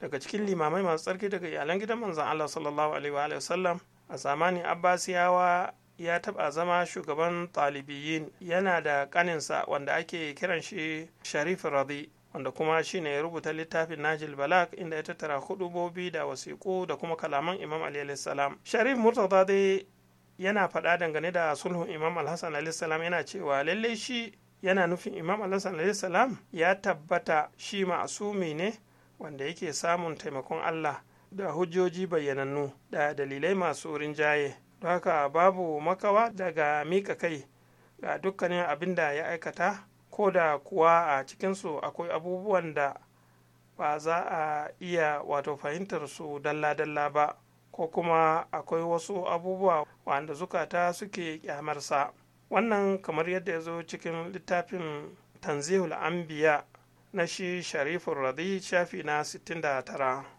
daga cikin limamai masu tsarki daga iyalan gidan manzan allah sallallahu alaihi sallam a zamanin abbasiyawa ya taɓa zama shugaban talibiyin yana da ƙaninsa wanda ake kiran shi sharif radi wanda kuma shi ne ya rubuta littafin najil balak inda ya tattara hudubobi da wasiƙu da kuma kalaman imam ali salam sharif murtaza dai yana faɗa dangane da sulhun imam alhassan alaihissalam yana cewa lallai shi yana nufin imam alhassan alaihissalam ya tabbata shi ma'asumi ne wanda yake samun taimakon allah da hujjoji bayyanannu da dalilai masu wurin jaye. don haka babu makawa daga mika kai ga dukkanin abin da ya aikata ko da kuwa a cikinsu akwai abubuwan da ba za a iya wato fahimtar su dalla-dalla ba ko kuma akwai wasu abubuwa wanda zukata suke kyamarsa wannan kamar yadda ya zo cikin littafin tanzihul anbiya na shi sharifin radi shafi na 69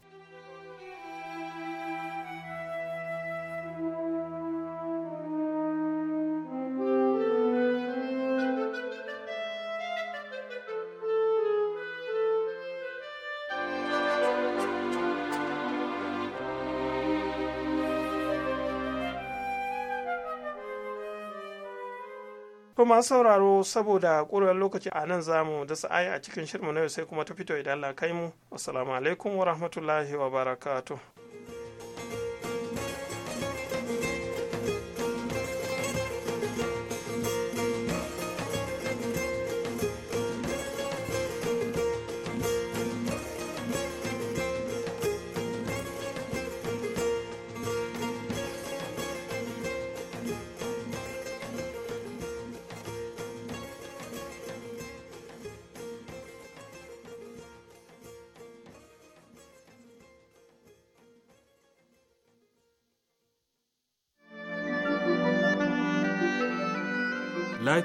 masu sauraro saboda ƙuriyar lokaci a nan zamu da sa'ayi a cikin shirmu na yau sai kuma ta fito idan Allah kai mu assalamu alaikum wa rahmatullahi wa barakatu.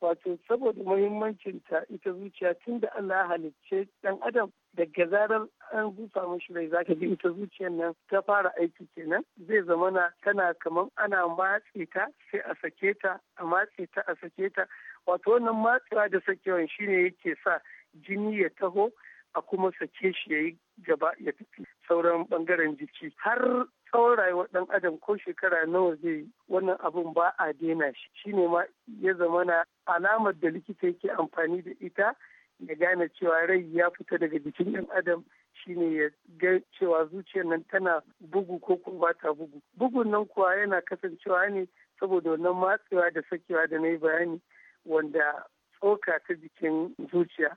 wato saboda muhimmancin ta ita zuciya tun da Allah halicce dan adam daga zarar an busa mishi rai zaka ji ita zuciyar nan ta fara aiki kenan zai zama na tana kamar ana matse ta sai a sake ta a matse ta a sake ta wato wannan matsewa da sakewan shine yake sa jini ya taho a kuma sake shi ya yi gaba ya tafi sauran bangaren jiki har tsawon rayuwar dan adam ko shekara nawa zai yi wannan abun ba a dena shi shine ma ya na alamar da likita yake amfani da ita ya gane cewa rai ya fita daga jikin dan adam shine ya ga cewa zuciyar nan tana bugu ko kuma ba ta bugu bugun nan kuwa yana kasancewa ne saboda wannan matsewa da sakewa da na yi bayani wanda tsoka ta jikin zuciya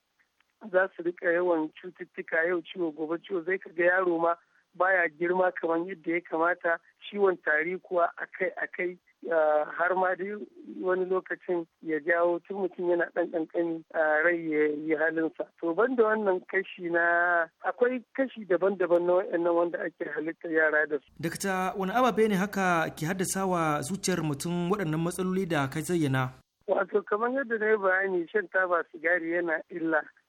za su rika yawan cututtuka yau ciwo gobe ciwo zai ka ga yaro ma baya girma kamar yadda ya kamata ciwon tari kuwa akai akai har ma dai wani lokacin ya jawo tun mutum yana ɗan ƙanƙani a rai ya yi halinsa. To ban wannan kashi na akwai kashi daban-daban na wa'annan wanda ake halittar yara da su. Dakta wani ababe ne haka ki haddasa wa zuciyar mutum waɗannan matsaloli da ka zayyana? Wato kamar yadda na yi bayani shan taba sigari yana illa.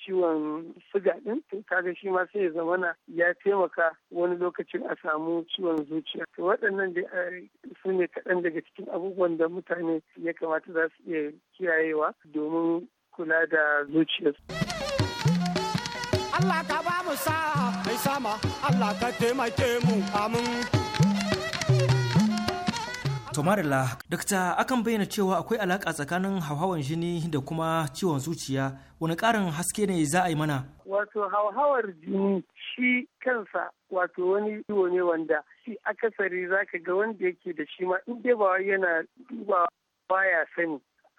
ciwon siga din to kaga shi ma sai ya zamana ya taimaka wani lokacin a samu ciwon zuciya to waɗannan da eh, su ne kaɗan daga cikin abubuwan da mutane ya kamata za su iya kiyayewa domin kula da zuciyarsu. Allah ka ba mu sa mai sama Allah ka taimake mu amin. tomarilla dakta akan bayyana cewa akwai alaka tsakanin hauhawar jini da kuma ciwon zuciya wani karin haske ne za a yi mana wato hauhawar jini shi kansa wato wani ciwo ne wanda shi akasari zaka ga wanda yake da shi ma in dai ba yana dubawa baya sani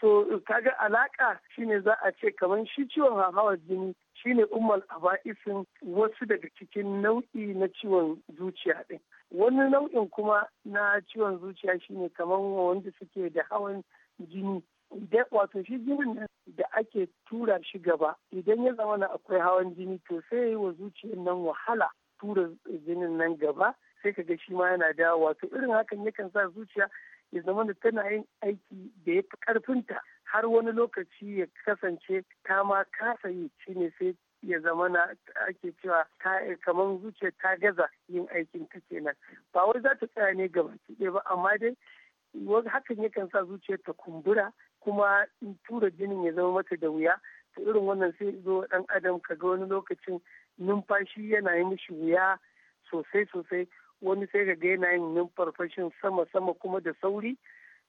so kaga alaka shine za a ce kamar shi ciwon hawar jini shine umar aba'isin wasu daga cikin nau'i na ciwon zuciya din wani nau'in kuma na ciwon zuciya shine kamar wanda suke da hawan jini idan wato shi jinin ne da ake tura shi gaba idan ya zama na akwai hawan jini to sai yi wa zuciyar nan wahala tura jinin nan gaba sai ka ga shi ma yana dawo wato irin hakan yakan sa zuciya ya zama da tana yin aiki da ya fi karfinta har wani lokaci ya kasance ta ma kasa yi shine sai ya zama na ake cewa ta kamar zuciya ta gaza yin aikin ta kenan ba wai za ta tsaya ne gaba ɗaya ba amma dai hakan yakan sa zuciya ta kumbura kuma tura jinin ya zama mata da wuya ta irin wannan sai zo ɗan adam ka ga wani lokacin numfashi yana yi mishi wuya sosai sosai wani sai ka ga yana yin numfarfashin sama-sama kuma da sauri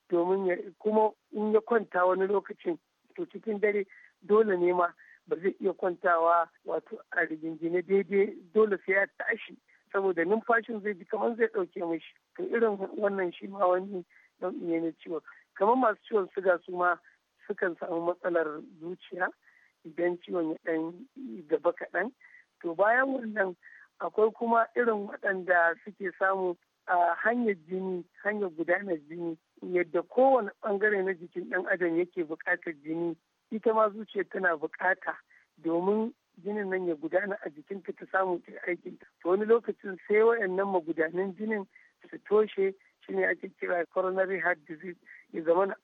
domin kuma in ya kwanta wani lokacin to cikin dare dole ne ma ba zai iya kwantawa wato a rigingine daidai dole sai ya tashi saboda numfashin zai ji kamar zai ɗauke mishi to irin wannan shi ma wani nau'i ne na ciwon kamar masu ciwon suga su ma sukan samu matsalar zuciya idan ciwon ya dan gaba kaɗan to bayan wannan akwai kuma irin waɗanda suke samu a hanyar jini hanyar gudanar jini yadda kowane ɓangare na jikin ɗan adam yake buƙatar jini ita ma zuciya tana buƙata domin jinin nan ya gudana a jikinta ta samu ta aiki to wani lokacin sai wayannan magudanan jinin su toshe shine ake kira coronary heart disease ya zama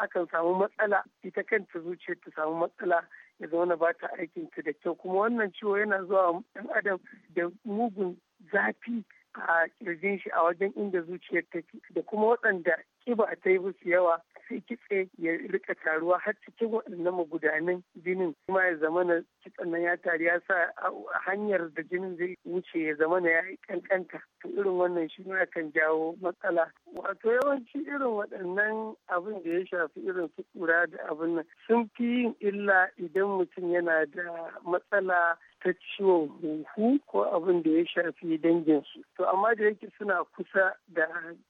akan samu matsala ita kanta zuciya ta samu matsala ya zauna ba ta aikin ta da kyau kuma wannan ciwo yana zuwa ɗan adam da mugun zafi a kirjin shi a wajen inda zuciyar take da kuma waɗanda kiba ta yi musu yawa sai kitse ya rika taruwa har cikin waɗannan magudanan jinin kuma ya zamana kitsen nan ya taru ya sa a hanyar da jinin zai wuce ya zamana ya kankanta to irin wannan shi ne kan jawo matsala wato yawanci irin waɗannan abin da ya shafi irin su kura da abin nan sun fi yin illa idan mutum yana da matsala ta ciwon huhu ko abin da ya shafi danginsu. To amma da yake suna kusa da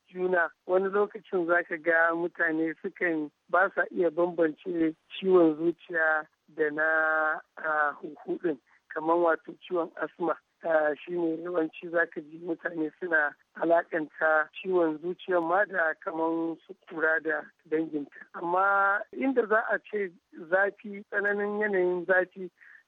juna wani lokacin za ka ga mutane sukan ba sa iya bambance ciwon zuciya da na huhu din kamar wato ciwon asma. shi ne yawanci zaka ji mutane suna alakanta ciwon zuciyar ma da kamar su kura da danginta amma inda za a ce zafi tsananin yanayin zafi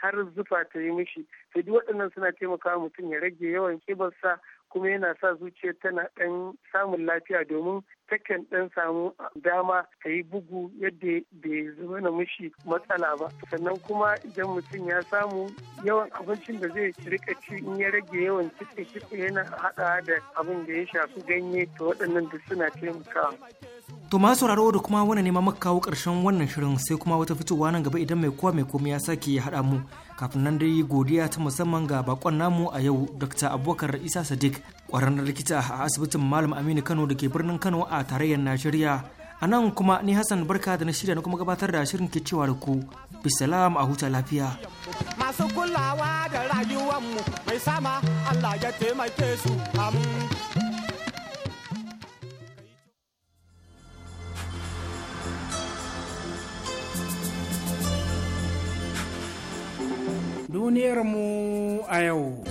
har zufa ta yi mishi sai duk waɗannan suna taimaka mutum ya rage yawan kibarsa kuma yana sa zuciya tana ɗan samun lafiya domin takan ɗan samu dama ta yi bugu yadda bai zama na mushi matsala ba sannan kuma idan mutum ya samu yawan abincin da zai rika ci in ya rage yawan kitse kitse yana haɗa da abin da ya shafi ganye to waɗannan da suna taimakawa. To ma sauraro da kuma wani neman maka kawo ƙarshen wannan shirin sai kuma wata fitowa nan gaba idan mai kowa mai komai ya sake ya haɗa mu kafin nan dai godiya ta musamman ga bakon namu a yau dr abubakar isa sadiq kwararren likita a asibitin malam aminu kano da ke birnin kano a tarayyar najeriya a nan kuma ni hassan barka da na shirya na kuma gabatar da shirin ke cewa da ku bisalam a huta lafiya masu kulawa da rayuwanmu mai sama allah ya taimake su duniyarmu a yau.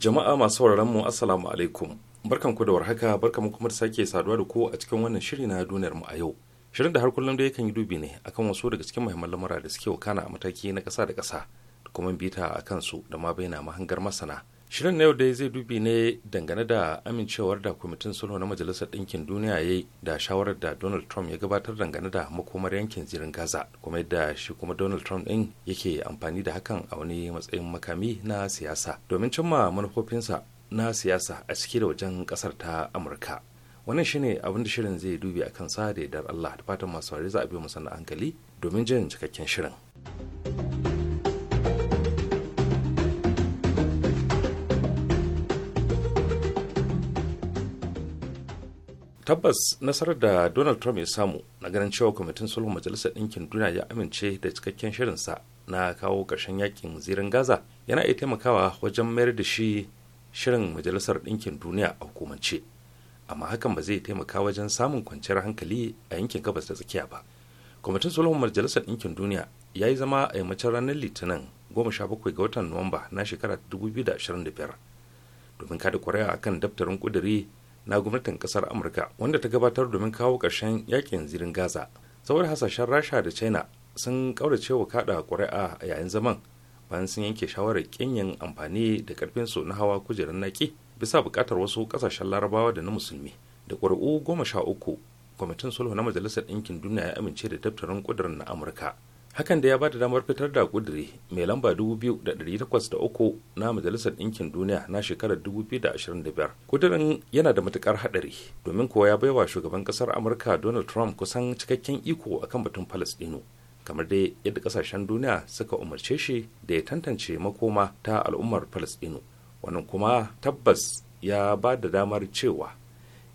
Jama'a masu sauraronmu mu Assalamu alaikum. Barkan ku da warhaka, barkan kuma da sake saduwa da ku a cikin wannan shiri na duniyar mu a yau. Shirin da har kullum da yakan yi dubi ne akan wasu daga cikin muhimman lamura da suke wakana a mataki na ƙasa da ƙasa da kuma bita a kansu da ma bayyana mahangar masana. Shirin na yau dai zai dubi ne dangane da amincewar da kwamitin sulhu na Majalisar Ɗinkin Duniya ya yi da shawarar da Donald Trump ya gabatar dangane da makomar yankin zirin Gaza, kuma yadda shi kuma Donald Trump ɗin yake amfani da hakan a wani matsayin makami na siyasa domin cimma manufofinsa na siyasa a ciki da wajen ƙasar ta Amurka. Wannan shine abin da shirin zai dubi a kansa da yardar Allah da fatan masu za a biyo musanna hankali domin jin cikakken shirin. tabbas nasarar da donald trump ya samu na ganin cewa kwamitin sulhun majalisar ɗinkin duniya ya amince da cikakken shirinsa na kawo ƙarshen yakin zirin gaza yana iya taimakawa wajen mayar da shi shirin majalisar ɗinkin duniya a hukumance amma hakan ba zai taimaka wajen samun kwanciyar hankali a yankin gabas da tsakiya ba kwamitin sulhun majalisar ɗinkin duniya ya yi zama a yammacin ranar litinin goma sha bakwai ga watan nuwamba na shekara da biyar domin kada kwarewa akan daftarin ƙuduri na gwamnatin kasar amurka wanda ta gabatar domin kawo ƙarshen yakin zirin gaza saboda hasashen rasha da china sun kaurace wa kada ƙuri'a a yayin zaman bayan sun yanke shawarar kinyin amfani da karfin su na hawa kujerar naki bisa buƙatar wasu ƙasashen larabawa da na musulmi da ƙuri'u goma sha uku kwamitin sulhu na majalisar ɗinkin duniya ya amince da daftarin ƙudurin na amurka hakan da ya ba da damar fitar da kudiri mai lamba 2,803 na majalisar ɗinkin duniya na shekarar 2025 kudirin yana da matukar haɗari domin kowa ya baiwa shugaban ƙasar amurka donald trump kusan cikakken iko akan batun palestino kamar dai yadda ƙasashen duniya suka umarce shi da ya tantance makoma ta al'ummar palestino wannan kuma tabbas ya ba da damar cewa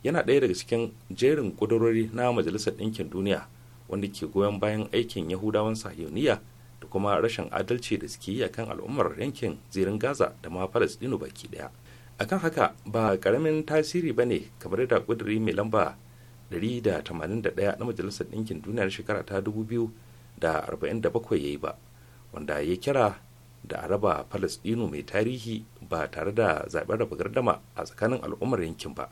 yana ɗaya daga cikin jerin ƙudurori na majalisar ɗinkin duniya wanda ke goyon bayan aikin yahudawan sahiyoniya da kuma rashin adalci da suke yi kan al'ummar yankin zirin gaza da ma palestino baki daya akan haka ba karamin tasiri ba ne kamar da kudiri mai lamba 181 na majalisar ɗinkin duniyar shekara ta 2047 ya yi ba wanda ya kira da a raba palestino mai tarihi ba tare da zaɓen raba gardama a tsakanin al'ummar yankin ba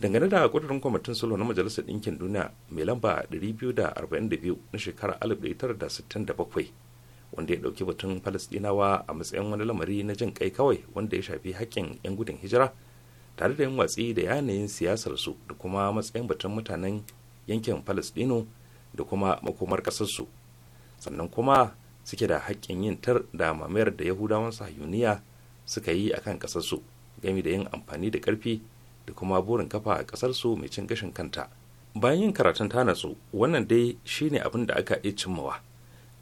dangane da kudurin kwamitin sulhu na majalisar ɗinkin duniya mai lamba 242 na shekarar 1967 wanda ya ɗauki batun falasɗinawa a matsayin wani lamari na jin kai kawai wanda ya shafi haƙƙin 'yan gudun hijira tare da yin watsi da yanayin siyasarsu da kuma matsayin batun mutanen yankin falasɗino da kuma makomar ƙasarsu sannan kuma suke da haƙƙin yin tar da mamayar da yahudawan sahiyuniya suka yi akan ƙasarsu game da yin amfani da ƙarfi da kuma burin kafa a kasar su mai cin gashin kanta bayan yin karatun ta natsu wannan dai shine abin da aka iya cimmawa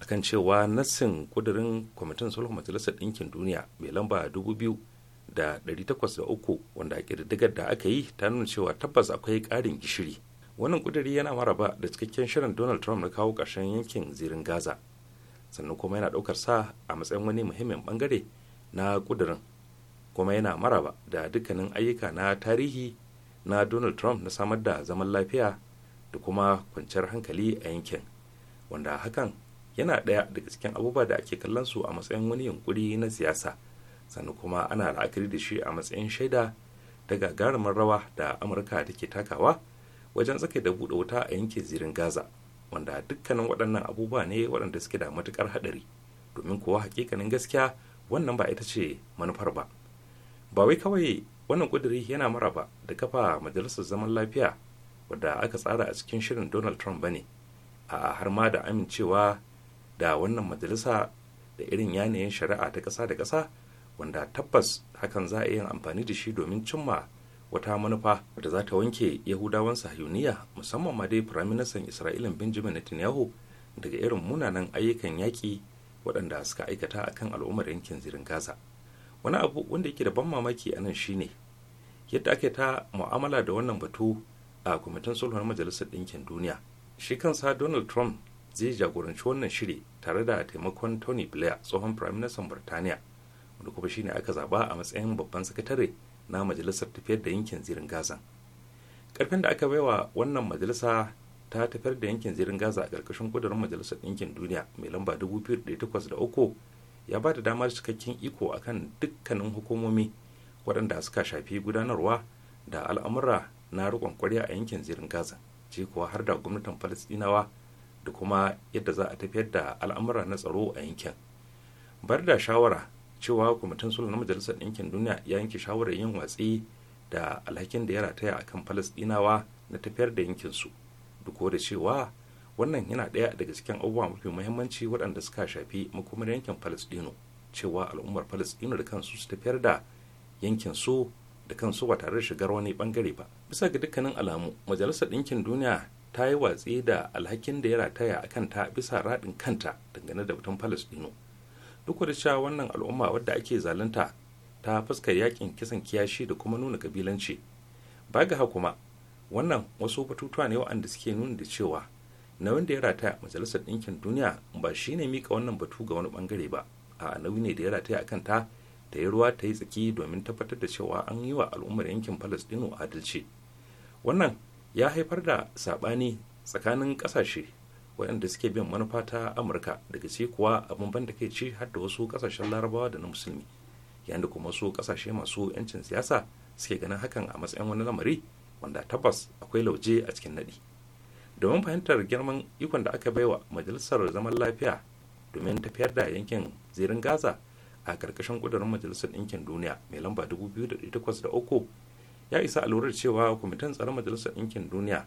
akan cewa nassin kudirin kwamitin sulhu majalisar ɗinkin duniya mai lamba 2803 wanda ƙididdigar da aka yi ta nuna cewa tabbas akwai ƙarin gishiri wannan kudiri yana maraba da cikakken shirin donald trump na kawo ƙarshen yankin zirin gaza sannan kuma yana ɗaukar sa a matsayin wani muhimmin bangare na kudirin kuma yana maraba da dukkanin ayyuka na tarihi na donald trump na samar da zaman lafiya da kuma kwanciyar hankali a yankin wanda hakan yana ɗaya daga cikin abubuwa da ake kallon su a matsayin wani yunkuri na siyasa sannan kuma ana la'akari da shi a matsayin shaida ta gagarumin rawa da amurka take takawa wajen tsaka da buɗe wuta a yankin zirin gaza wanda dukkanin waɗannan abubuwa ne waɗanda suke da matuƙar haɗari domin kuwa hakikanin gaskiya wannan ba ita ce manufar ba ba wai kawai wannan kuduri yana maraba da kafa majalisar zaman lafiya wadda aka tsara a cikin shirin donald trump ba ne a har ma da amincewa da wannan majalisa da irin yanayin shari'a ta ƙasa da ƙasa wanda tabbas hakan za a iya amfani da shi domin cimma wata manufa da za ta wanke yahudawan sahiyuniya musamman ma dai firaministan isra'ila benjamin netanyahu daga irin munanan ayyukan yaƙi waɗanda suka aikata akan al'ummar yankin zirin gaza wani abu wanda yake da ban mamaki a nan shine yadda ake ta mu'amala da wannan batu a kwamitin sulhun majalisar ɗinkin duniya shi kansa donald trump zai jagoranci wannan shiri tare da taimakon tony blair tsohon prime minister birtaniya wanda kuma shine aka zaba a matsayin babban sakatare na majalisar tafiyar da yankin zirin gaza karfin da aka baiwa wannan majalisa ta tafiyar da yankin zirin gaza a karkashin kudurin majalisar ɗinkin duniya mai lamba 2803 ya ba da damar cikakken iko a kan dukkanin hukumomi waɗanda suka shafi gudanarwa da al'amura na riƙon ƙwarya a yankin zirin gaza ce kuwa har da gwamnatin falastinawa da kuma yadda za a tafiyar da al'amura na tsaro a yankin bar da shawara cewa kwamitin sulhu na majalisar ɗinkin duniya ya yanke shawarar yin watsi da alhakin da ya rataya akan falastinawa na tafiyar da yankinsu duk da cewa wannan yana ɗaya daga cikin abubuwa mafi muhimmanci waɗanda suka shafi makomar yankin palestino cewa al'ummar palestino da kansu su tafiyar da yankin su da kansu ba tare da shigar wani bangare ba bisa ga dukkanin alamu majalisar ɗinkin duniya ta yi watsi da alhakin da ya rataya a kanta bisa raɗin kanta dangane da batun palestino duk da cewa wannan al'umma wadda ake zalunta ta fuskar yakin kisan kiyashi da kuma nuna kabilanci ba ga kuma wannan wasu batutuwa ne waɗanda suke nuna da cewa na wanda ya rataya majalisar ɗinkin duniya ba shi ne mika wannan batu ga wani bangare ba a nauyi ne da ya rataya a kanta ta yi ruwa ta yi tsaki domin tabbatar da cewa an yi wa al'ummar yankin palestino adalci wannan ya haifar da saɓani tsakanin ƙasashe waɗanda suke bin manufa ta amurka daga ce kuwa abin ban da kai ce har da wasu ƙasashen larabawa da na musulmi yayin da kuma wasu ƙasashe masu 'yancin siyasa suke ganin hakan a matsayin wani lamari wanda tabbas akwai lauje a cikin naɗi. domin fahimtar girman ikon da aka baiwa majalisar zaman lafiya domin tafiyar da yankin zirin gaza a karkashin kudurin majalisar ɗinkin duniya mai lamba 2008 ya isa alurar cewa kwamitin tsaron majalisar ɗinkin duniya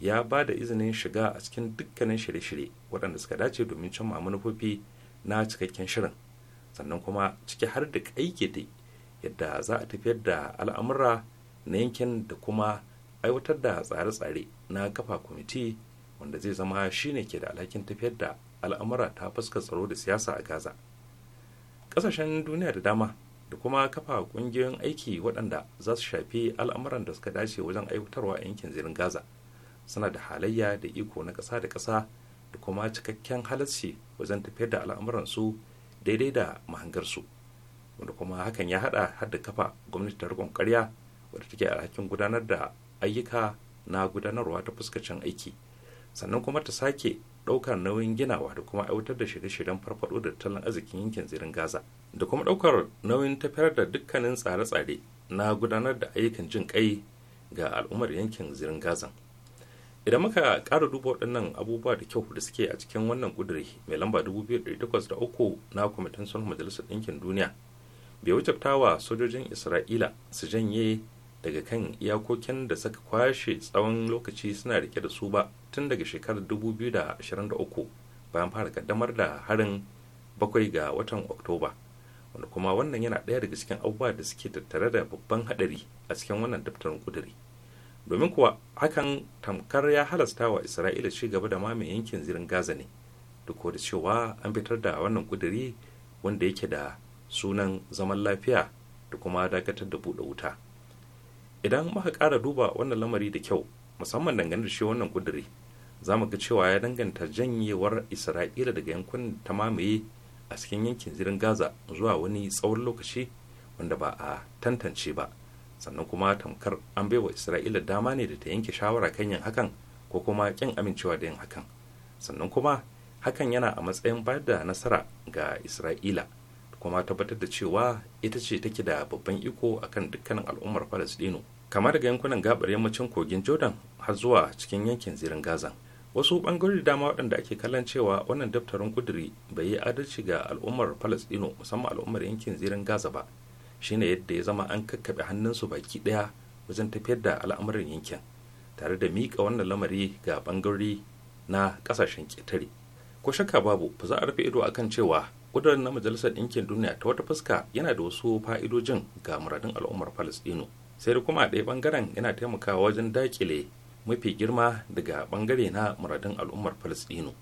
ya ba da izinin shiga a cikin dukkanin shirye-shirye waɗanda suka dace domin cimma manufofi na cikakken shirin sannan kuma ciki har da yadda za a tafiyar da al'amura na yankin da kuma aiwatar da tsare-tsare na kafa kwamiti wanda zai zama shi ne ke da alhakin tafiyar da al'amura ta fuskar tsaro da siyasa a gaza ƙasashen duniya da dama da kuma kafa ƙungiyoyin aiki waɗanda za su shafi al'amuran da suka dace wajen aiwatarwa a yankin zirin gaza suna da halayya da iko na ƙasa da ƙasa da kuma cikakken halarci wajen tafiyar da su daidai da mahangarsu wanda kuma hakan ya haɗa har da kafa gwamnati ta riƙon ƙarya wadda take alhakin gudanar da ayyuka na gudanarwa ta fuskacin aiki sannan kuma ta sake ɗaukar nauyin ginawa da kuma aiwatar da shirye-shiryen farfaɗo da tattalin arzikin yankin zirin gaza da kuma ɗaukar nauyin tafiyar da dukkanin tsare-tsare na gudanar da ayyukan jin kai ga al'ummar yankin zirin Gaza. idan muka ƙara duba waɗannan abubuwa da kyau da suke a cikin wannan ƙuduri mai lamba 2008 na kwamitin sulhu majalisar ɗinkin duniya bai wuce wa sojojin isra'ila su janye daga kan iyakokin da suka kwashe tsawon lokaci suna rike da su ba tun daga shekarar 2023 bayan fara kaddamar da harin bakwai ga watan oktoba wanda kuma wannan yana ɗaya daga cikin abubuwa da suke tattare da babban haɗari a cikin wannan daftarin kuduri domin kuwa hakan tamkar ya halasta wa isra'ila ci gaba da mamaye yankin zirin gaza ne duk da cewa an fitar da wannan kuduri wanda yake da sunan zaman lafiya da kuma dakatar da buɗe wuta idan muka kara duba wannan lamari da kyau musamman dangane da shi wannan kuduri za mu ga cewa ya danganta janyewar isra'ila daga yankunan ta mamaye a cikin yankin zirin gaza zuwa wani tsawon lokaci wanda ba a tantance ba sannan kuma tamkar an baiwa isra'ila dama ne da ta yanke shawara kan yin hakan ko kuma kin amincewa da yin hakan sannan kuma hakan yana a matsayin bayar da nasara ga isra'ila kuma tabbatar da cewa ita ce take da babban iko akan dukkanin al'ummar falastinu kama daga yankunan gabar yammacin kogin jordan har zuwa cikin yankin zirin gaza wasu bangarori dama waɗanda ake kallon cewa wannan daftarin kuduri bai yi adalci ga al'ummar palestino musamman al'ummar yankin zirin gaza ba shine yadda ya zama an kakkaɓe hannunsu baki ɗaya wajen tafiyar da al'amuran yankin tare da miƙa wannan lamari ga bangarori na ƙasashen ƙetare ko shakka babu ba za a rufe ido akan cewa kudurin na majalisar ɗinkin duniya ta wata fuska yana da wasu fa'idojin ga muradin al'ummar palestino sai da kuma a ɗaya bangaren yana taimakawa wajen dakile mafi girma daga ɓangare na muradin al'ummar falastinu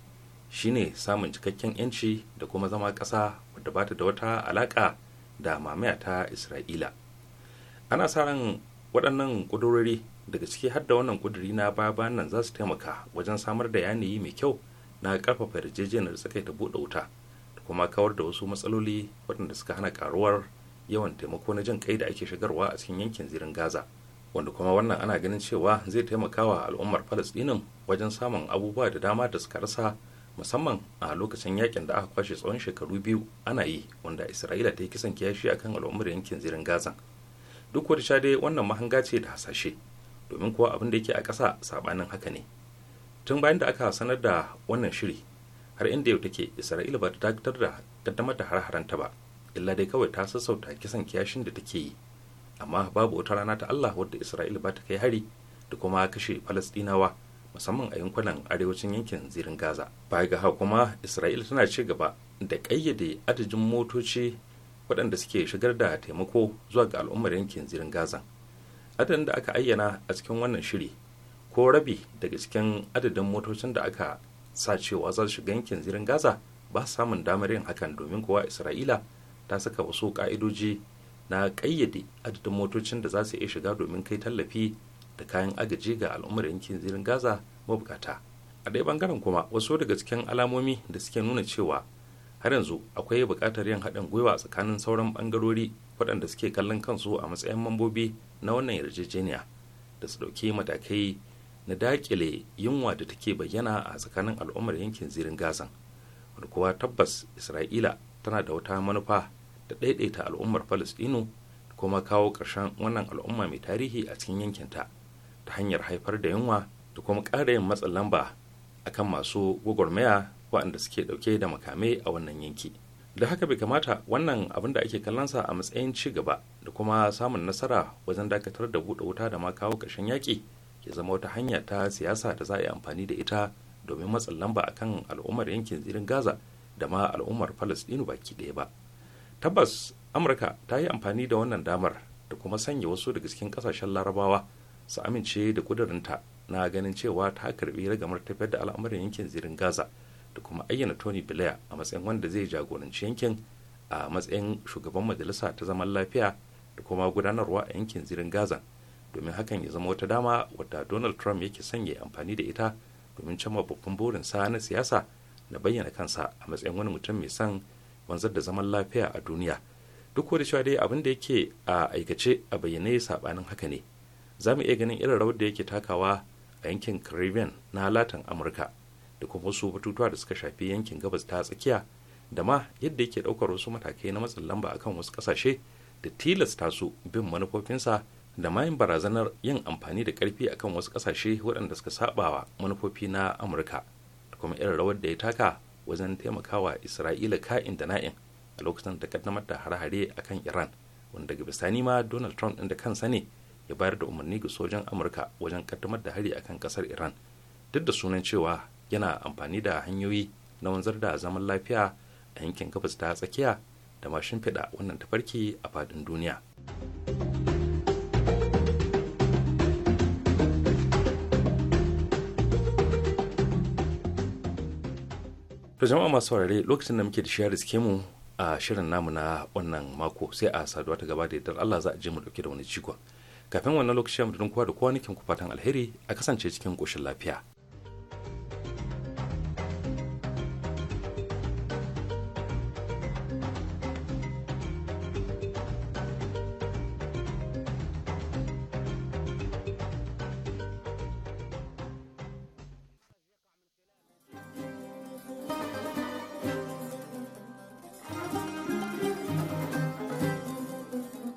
shine samun cikakken yanci da kuma zama ƙasa wadda ba ta da wata alaƙa da mamaya ta isra'ila ana sa ran waɗannan ƙudurori daga ciki har da wannan ƙuduri na baya nan za su taimaka wajen samar da yanayi mai kyau na ƙarfafa yarjejeniyar da ta buɗe wuta da kuma kawar da wasu matsaloli waɗanda suka hana ƙaruwar. yawan taimako na jin kai da ake shigarwa a cikin yankin zirin gaza wanda kuma wannan ana ganin cewa zai taimakawa al'ummar palestinin wajen samun abubuwa da dama da suka rasa musamman a lokacin yakin da aka kwashe tsawon shekaru biyu ana yi wanda isra'ila ta yi kisan kiyashi akan al'ummar yankin zirin gaza duk wata sha dai wannan mahanga ce da hasashe domin kuwa abin da yake a ƙasa saɓanin haka ne tun bayan da aka sanar da wannan shiri har inda yau take isra'ila ba ta dakatar da kaddamar da har-haranta ba illa dai kawai ta sassauta kisan kiyashin da take yi amma babu wata rana ta Allah wadda Isra'ila ba ta kai hari da kuma kashe Falastinawa musamman a yankunan arewacin yankin zirin Gaza. ba ga kuma Isra'ila tana ci gaba da kayyade adadin motoci waɗanda suke shigar da taimako zuwa ga al'ummar yankin zirin Gaza. Adadin da aka ayyana a cikin wannan shiri ko rabi daga cikin adadin motocin da aka sa cewa za su shiga yankin zirin Gaza ba samun damar yin hakan domin kowa Isra'ila ta saka wasu ƙa'idoji na ƙayyade adadin motocin da za su iya shiga domin kai tallafi da kayan agaji ga al'ummar yankin zirin gaza mabukata a ɗaya bangaren kuma wasu daga cikin alamomi da suke nuna cewa har yanzu akwai buƙatar yin haɗin gwiwa tsakanin sauran ɓangarori waɗanda suke kallon kansu a matsayin mambobi na wannan yarjejeniya da su ɗauki matakai na daƙile yunwa da take bayyana a tsakanin al'ummar yankin zirin gazan wanda kuwa tabbas isra'ila tana da wata manufa da ɗaiɗaita al'ummar falastinu da kuma kawo ƙarshen wannan al'umma mai tarihi a cikin yankinta ta hanyar haifar da yunwa da kuma ƙara yin matsin lamba a kan masu gwagwarmaya waɗanda suke ɗauke da makamai a wannan yanki da haka bai kamata wannan abin da ake kallonsa a matsayin ci gaba da kuma samun nasara wajen dakatar da buɗe wuta da ma kawo ƙarshen yaƙi ya zama wata hanya ta siyasa da za a yi amfani da ita domin matsin lamba akan al'ummar yankin zirin gaza da ma al'ummar falastinu baki ɗaya ba tabbas amurka ta yi amfani da wannan damar da kuma sanya wasu daga cikin kasashen larabawa su amince da kudurinta na ganin cewa ta karbi ragamar tafiyar da al'amuran yankin zirin gaza da kuma ayyana tony blair a matsayin wanda zai jagoranci yankin a matsayin shugaban majalisa ta zaman lafiya da kuma gudanarwa a yankin zirin gaza domin hakan ya zama wata dama wadda donald trump yake sanya amfani da ita domin cimma babban burinsa na siyasa na bayyana kansa a matsayin wani mutum mai san. wanzar da zaman lafiya a duniya duk da cewa dai abin da yake a aikace a bayyane sabanin haka ne za mu iya ganin irin rawar da yake takawa a yankin caribbean na latin amurka da kuma wasu batutuwa da suka shafi yankin gabas ta tsakiya da ma yadda yake ɗaukar wasu matakai na matsin lamba akan wasu kasashe da tilasta su bin manufofinsa da mayin barazanar yin amfani da karfi akan wasu kasashe waɗanda suka sabawa manufofi na amurka da kuma irin rawar da ya taka wajen taimakawa isra'ila ka'in da na'in a lokacin da kaddamar da hare-hare a kan iran wanda daga bisani ma donald trump ɗin da kansa ne ya bayar da umarni ga sojan amurka wajen kaddamar da hari a kan kasar iran duk da sunan cewa yana amfani da hanyoyi na wanzar da zaman lafiya a yankin gabas ta tsakiya da mashin fiɗa wannan tafarki a fadin duniya. to jama'a masu saurare lokacin da muke da shiyar riske mu a shirin namu na wannan mako sai a saduwa ta gaba da idan Allah za a je mu dauke da wani cikon kafin wannan lokacin mu da kowa da kowa nake ku fatan alheri a kasance cikin koshin lafiya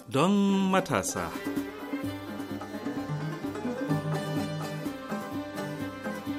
don matasa.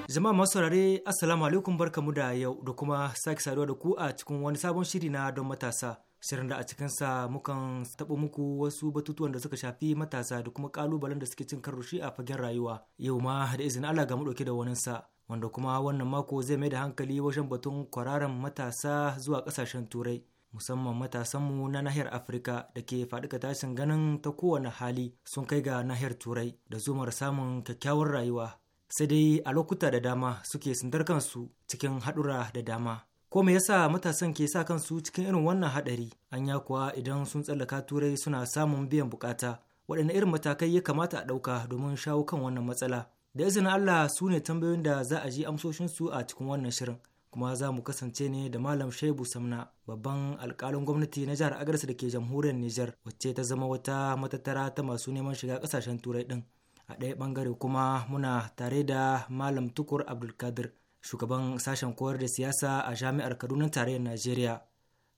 Jama'a masu saurare Assalamu alaikum barkamu da yau da kuma sake saduwa da ku a cikin wani sabon shiri na don matasa. Shirin da a cikinsa mukan taɓa muku wasu batutuwan da suka shafi matasa da kuma ƙalubalen da suke cin karo shi a fagen rayuwa. Yau ma da izini Allah ga mu ɗauke da waninsa. Wanda kuma wannan mako zai mai da hankali wajen batun kwararan matasa zuwa ƙasashen Turai. musamman matasanmu na nahiyar afirka da ke faɗi tashin ganin ta kowane hali sun kai ga nahiyar turai da zumar samun kyakkyawar rayuwa sai dai a lokuta da dama suke sindar kansu cikin haɗura da dama ko me yasa matasan ke sa kansu cikin irin wannan haɗari an ya kuwa idan sun tsallaka turai suna samun biyan bukata waɗanne irin matakai ya kamata a ɗauka domin shawo kan wannan matsala da izinin allah su ne tambayoyin da za a ji amsoshinsu a cikin wannan shirin kuma za mu kasance ne da malam shaibu samna babban alkalin gwamnati na jihar agarsu da ke jamhuriyar niger wacce ta zama wata matattara ta masu neman shiga kasashen turai din a ɗaya ɓangare kuma muna tare da malam tukur abdulkadir shugaban sashen koyar da siyasa a jami'ar kaduna tarayyar najeriya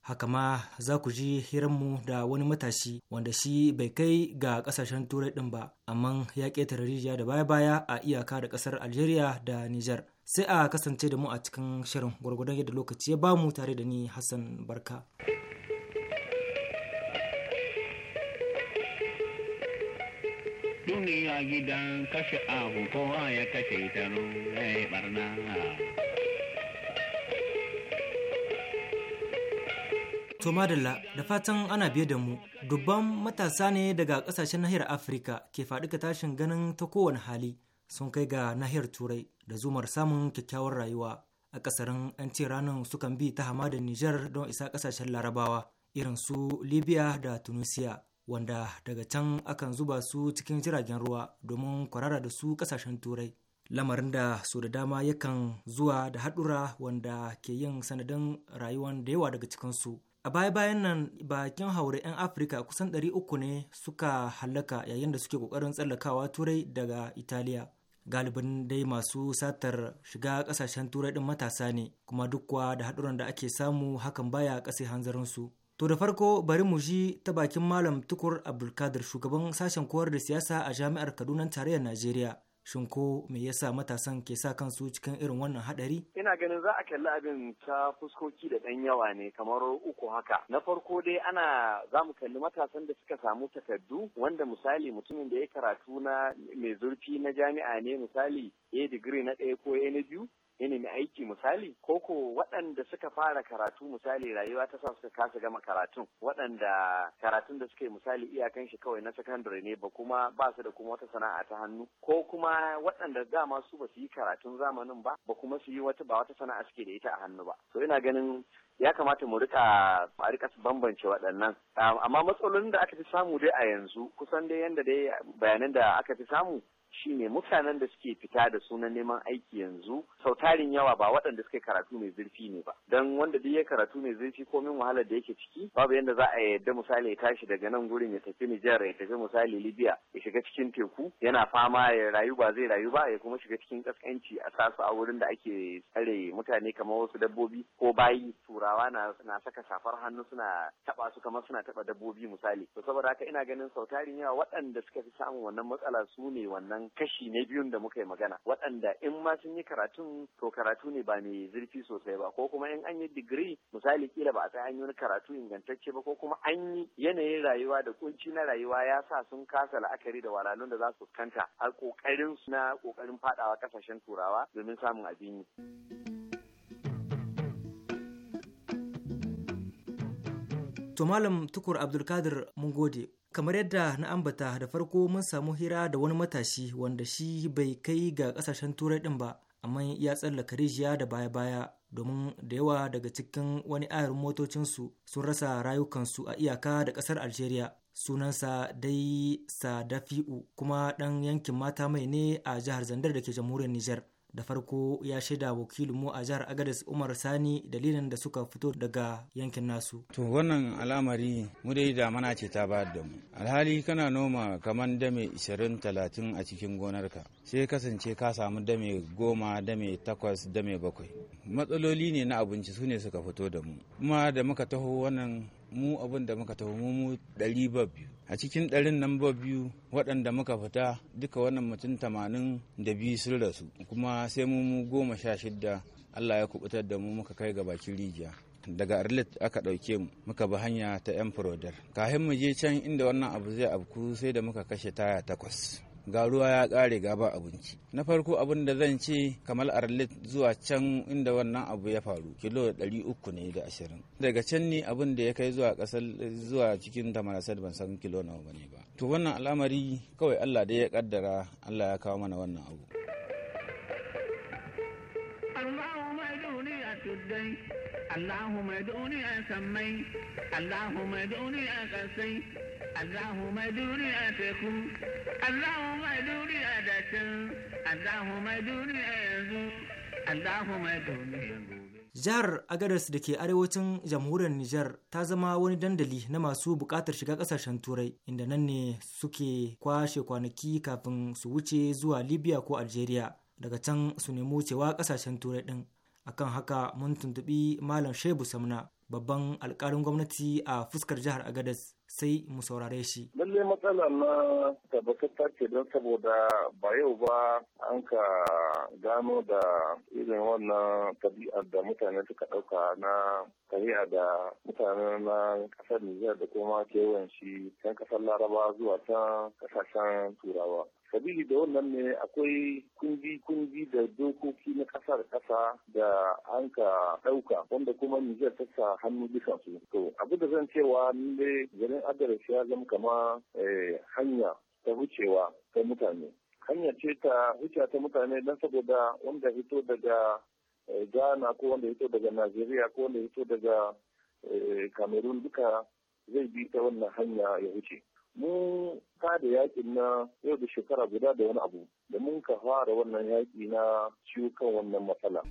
haka ma za ku ji hiranmu da wani matashi wanda shi bai kai ga kasashen turai din ba amma ya ƙetare rijiya da baya-baya a iyaka da ƙasar algeria da niger. sai a kasance da mu a cikin shirin gwargwadon yadda lokaci ya bamu tare da ni Hassan Barka. Duniya gidan kashe abu kowa ya kashe ta ruwa barna. To madalla da fatan ana biye da mu dubban matasa ne daga kasashen nahiyar Afirka ke faɗi ka tashin ganin ta kowane hali sun kai ga nahiyar Turai da zumar samun kyakkyawar rayuwa a an 'yanci ranar sukan bi ta da Nijar don isa kasashen larabawa irin su Libya da Tunisia wanda daga can akan zuba su cikin jiragen ruwa domin kwarara da su kasashen turai lamarin da su da dama yakan zuwa da haɗura wanda ke yin sanadin rayuwan da yawa daga cikinsu a baya-bayan nan bakin haure 'yan afirka kusan 300 ne suka hallaka yayin da suke ƙoƙarin tsallakawa turai daga italiya galibin dai masu satar shiga kasashen turai din matasa ne kuma duk kuwa da haɗuran da ake samu hakan baya hanzarin su to da farko bari mu ji ta bakin malam tukur abdulkadir shugaban sashen koyar da siyasa a jami'ar kaduna tarayyar najeriya Shin ko me yasa matasan ke sa kansu cikin irin wannan hadari? Ina ganin za a kalli abin ta fuskoki da ɗan yawa ne kamar uku haka. Na farko dai ana za mu kalli matasan da suka samu takardu wanda misali mutumin da ya karatu na mai zurfi na jami'a ne misali A digiri na ɗaya ko A na biyu ya nemi aiki misali ko ko waɗanda suka fara karatu misali rayuwa ta sa suka kasa gama karatun waɗanda karatun da suke misali iyakan shi kawai na sakandare ne ba kuma ba su da kuma wata sana'a ta hannu ko kuma waɗanda dama su ba su yi karatun zamanin ba ba kuma su yi wata ba wata sana'a suke da ita a hannu ba so ina ganin ya kamata mu rika a rika bambance waɗannan amma matsalolin da aka fi samu dai a yanzu kusan dai yanda dai bayanan da aka fi samu ne mutanen da suke fita da sunan neman aiki yanzu sau tarin yawa ba waɗanda suke karatu mai zurfi ne ba Don wanda duk ya karatu mai zurfi ko komin wahalar da yake ciki babu yadda za a yadda misali ya tashi daga nan gurin ya tafi Nijar ya tafi misali Libya ya shiga cikin teku yana fama ya rayu ba zai rayu ba ya kuma shiga cikin kaskanci a sasu a wurin da ake tsare mutane kamar wasu dabbobi ko bayi turawa na, na saka safar hannu suna taba su kamar suna taba dabbobi misali to saboda haka ina ganin sau tarin yawa waɗanda suka fi samun wannan matsala su ne wannan wannan kashi na biyun da muka yi magana waɗanda in ma sun yi karatun to karatu ne ba mai zurfi sosai ba ko kuma in an yi digiri misali kila ba a sai an yi wani karatu ingantacce ba ko kuma an yi yanayin rayuwa da kunci na rayuwa ya sa sun kasa la'akari da walalun da za su fuskanta a kokarin su na ƙoƙarin faɗawa ƙasashen turawa domin samun abin yi. To Malam Tukur Abdulkadir mun gode. Kamar yadda na ambata da farko mun samu hira da wani matashi wanda shi bai kai ga kasashen turai din ba, amma ya tsallaka rijiya da baya-baya domin da yawa daga cikin wani ayarin motocinsu sun rasa rayukansu a iyaka da kasar Algeria. Sunansa dai Sadafi'u kuma ɗan yankin mata mai ne a jihar Zandar da ke jamhuriyar Nijar. da farko ya shaida wakilin mu a jihar agadez umar sani dalilin da suka fito daga yankin nasu to wannan al'amari mu dai da mana ce ta bayar da mu alhali kana noma kaman dame 20 30 a cikin gonarka sai kasance ka samu dame goma dame takwas dame bakwai matsaloli ne na abinci su ne suka fito da mu kuma da muka taho wannan mu abin da muka taho mu a cikin ɗarin nan biyu waɗanda muka fita duka wannan mutum tamanin da biyu sun rasu kuma sai mu goma sha shidda allah ya kubutar da mu muka kai ga bakin rijiya daga arlet aka ɗauke mu muka bi hanya ta yan furodar kahin mu je can inda wannan abu zai abku sai da muka kashe taya takwas ga ruwa ya kare ga ba abinci na farko abin da zan ce kamar arlet zuwa can inda wannan abu ya faru kilo ɗari uku ne da ashirin daga can ne abin da ya kai zuwa ƙasar zuwa cikin tamarasar ban san kilo nawa ba ne ba to wannan al'amari kawai allah dai ya kaddara allah ya kawo mana wannan abu. اللهم ادعوني Allahumma اللهم ادعوني أقصي اللهم ادعوني أتكو اللهم ادعوني أدتل اللهم ادعوني Allahumma اللهم ادعوني Jihar Agadas da ke arewacin jamhuriyar Nijar ta zama wani dandali na masu buƙatar shiga ƙasashen Turai inda nan ne suke kwashe kwanaki kafin su wuce zuwa Libya ko Algeria daga can su nemo cewa ƙasashen Turai ɗin. akan haka mun tuntubi malam shebu samna babban alkalin gwamnati a fuskar jihar agadas sai mu saurare shi. Lallai matsala na tabbatar ce don saboda ba yau ba an ka gano da irin wannan tabi'ar da mutane suka ɗauka na tabi'a da mutane na ƙasar Nijar da kuma kewan shi can ƙasar Laraba zuwa can ƙasashen Turawa. sabili da wannan ne akwai kungi-kungi da dokoki na ƙasa da da an ka ɗauka wanda kuma Nijar ta sa hannu bisa su. To abu da zan cewa ne garin Agares ya zama kama eh, hanya ta wucewa ta mutane. Hanya ce ta wuce ta mutane don saboda wanda hito daga eh, Ghana ko wanda hito daga Najeriya ko wanda hito daga eh, Cameroon duka zai bi ta wannan hanya ya wuce. mu ka da yakin na yau da shekara guda da wani abu da mun ka fara wannan yaki na ciwo kan wannan matsala.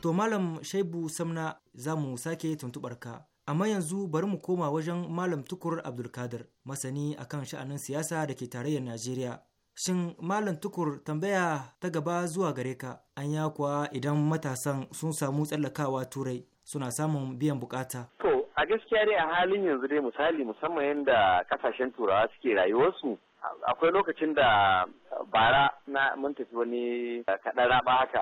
To Malam Shaibu Samna za mu sake tuntuɓar ka. Amma yanzu bari mu koma wajen Malam Tukur Abdulkadir, masani akan sha'anin siyasa da ke tarayyar Najeriya. Shin Malam Tukur tambaya ta gaba zuwa gare ka, an ya kuwa idan matasan sun samu tsallakawa turai suna samun biyan bukata. To a gaskiya dai a halin yanzu dai misali musamman yadda kasashen turawa suke rayuwarsu akwai lokacin da bara na mun tafi wani eh, kaɗan raba haka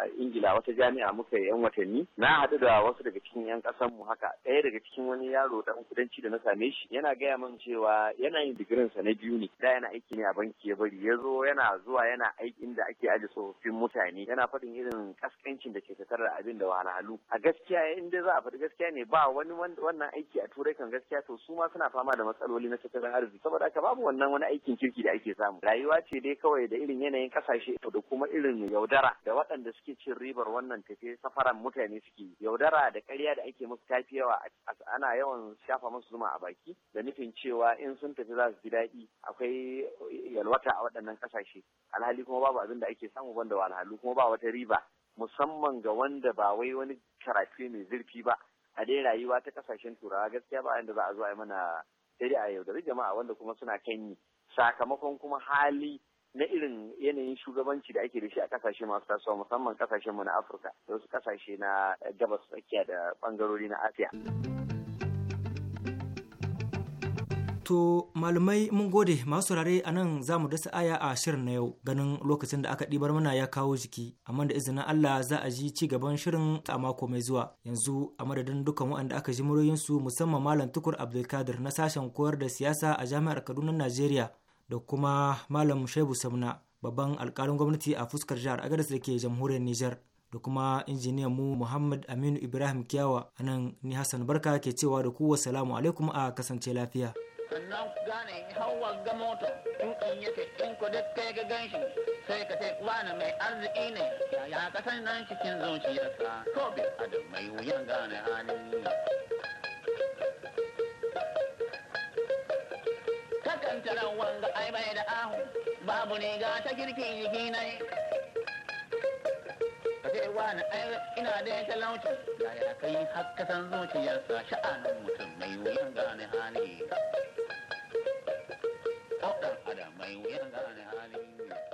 a ingila wata jami'a muka yan watanni na haɗu da wasu daga cikin yan ƙasan mu haka ɗaya daga cikin wani yaro dan kudanci da na same shi yana gaya min cewa yana yin digirin sa na biyu ne da yana aiki ne a banki ya bari ya zo yana zuwa yana aikin da ake aje tsofaffin mutane yana faɗin irin kaskancin da ke tattare da abin da halu. a gaskiya in dai za a faɗi gaskiya ne ba wani wannan aiki a turai kan gaskiya to su ma suna fama da matsaloli na tattalin arziki saboda haka babu wannan wani aikin kirki da ake samu rayuwa ce ce dai kawai da irin yanayin kasashe da kuma irin yaudara da waɗanda suke cin ribar wannan tafiye safaran mutane suke yaudara da ƙarya da ake musu tafi yawa ana yawan shafa musu zuma a baki da nufin cewa in sun tafi za su ji daɗi akwai yalwata a waɗannan kasashe alhali kuma babu abin da ake samu banda walhalu kuma ba wata riba musamman ga wanda ba wai wani karatu mai zurfi ba a dai rayuwa ta kasashen turawa gaskiya ba yanda za a zo a yi mana sai dai a yaudari jama'a wanda kuma suna kan yi sakamakon kuma hali na irin yanayin shugabanci da ake da shi a kasashe masu tasowa musamman mu na afirka da wasu kasashe na gabas tsakiya da bangarori na asiya To malamai mun gode masu rare a nan za mu dasa aya a shirin na yau ganin lokacin da aka ɗibar mana ya kawo jiki amma da izinin Allah za a ji ci gaban shirin a mako mai zuwa yanzu a madadin dukkan waɗanda aka ji muryoyinsu musamman malam tukur Abdulkadir na sashen koyar da siyasa a jami'ar Kaduna Najeriya da kuma malam shaibu samna babban alkalin gwamnati a fuskar jihar agadas da ke jamhuriyar nijar da kuma injiniyan mu muhammad aminu ibrahim kiyawa a nan ni hassan barka ke cewa da kuwa salamu alaikum a kasance lafiya sannan gane hawa ga mota tukan yake in ku ganshi sai ka ce wani mai arziki ne ya kasan nan cikin zuciyarsa ko a adam mai wuyan gane hali kantaran wanga ai bai da ahu babu ne ga ta kirkin jiki na yi ka ce wani ai ina da ya talauci da ya kai hakkasan zuciyarsa sha'anin mutum mai wuyan gane hali adam mai wuyan gane hali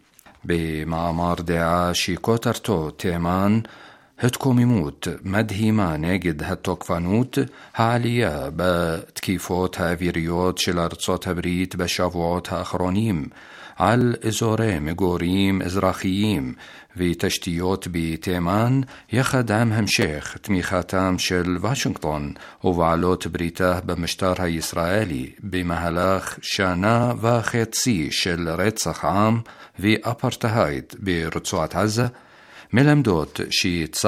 بمعمار داعش كوترتو تيمان هتكو ميموت مدهيما نجد هتوكفانوت هعليا بتكيفوت هافيريوت شلارتسوت هبريت بشافوت هاخرونيم על אזורי מגורים אזרחיים ותשתיות בתימן, יחד עם המשך תמיכתם של וושינגטון ובעלות בריתה במשטר הישראלי במהלך שנה וחצי של רצח עם, في أبرتهايد برצועת عزة ملمدوت شي